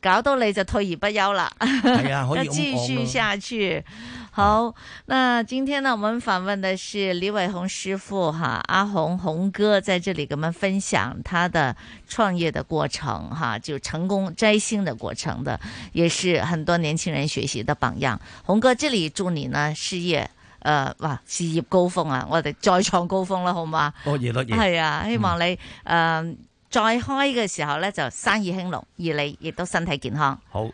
搞到你就退而不休啦， 要繼續下去。好，那今天呢，我們訪問的是黎偉鴻師傅哈，阿鴻鴻哥在這裏給我們分享他的創業的過程哈，就成功摘星的過程的，也是很多年輕人學習的榜樣。鴻哥，這裏祝你呢事業，呃哇，事業高峰啊，我哋再創高峰啦，好唔好啊？哦，熱咯熱。係啊，希望你誒。嗯再開嘅時候咧，就生意興隆，而你亦都身體健康。好。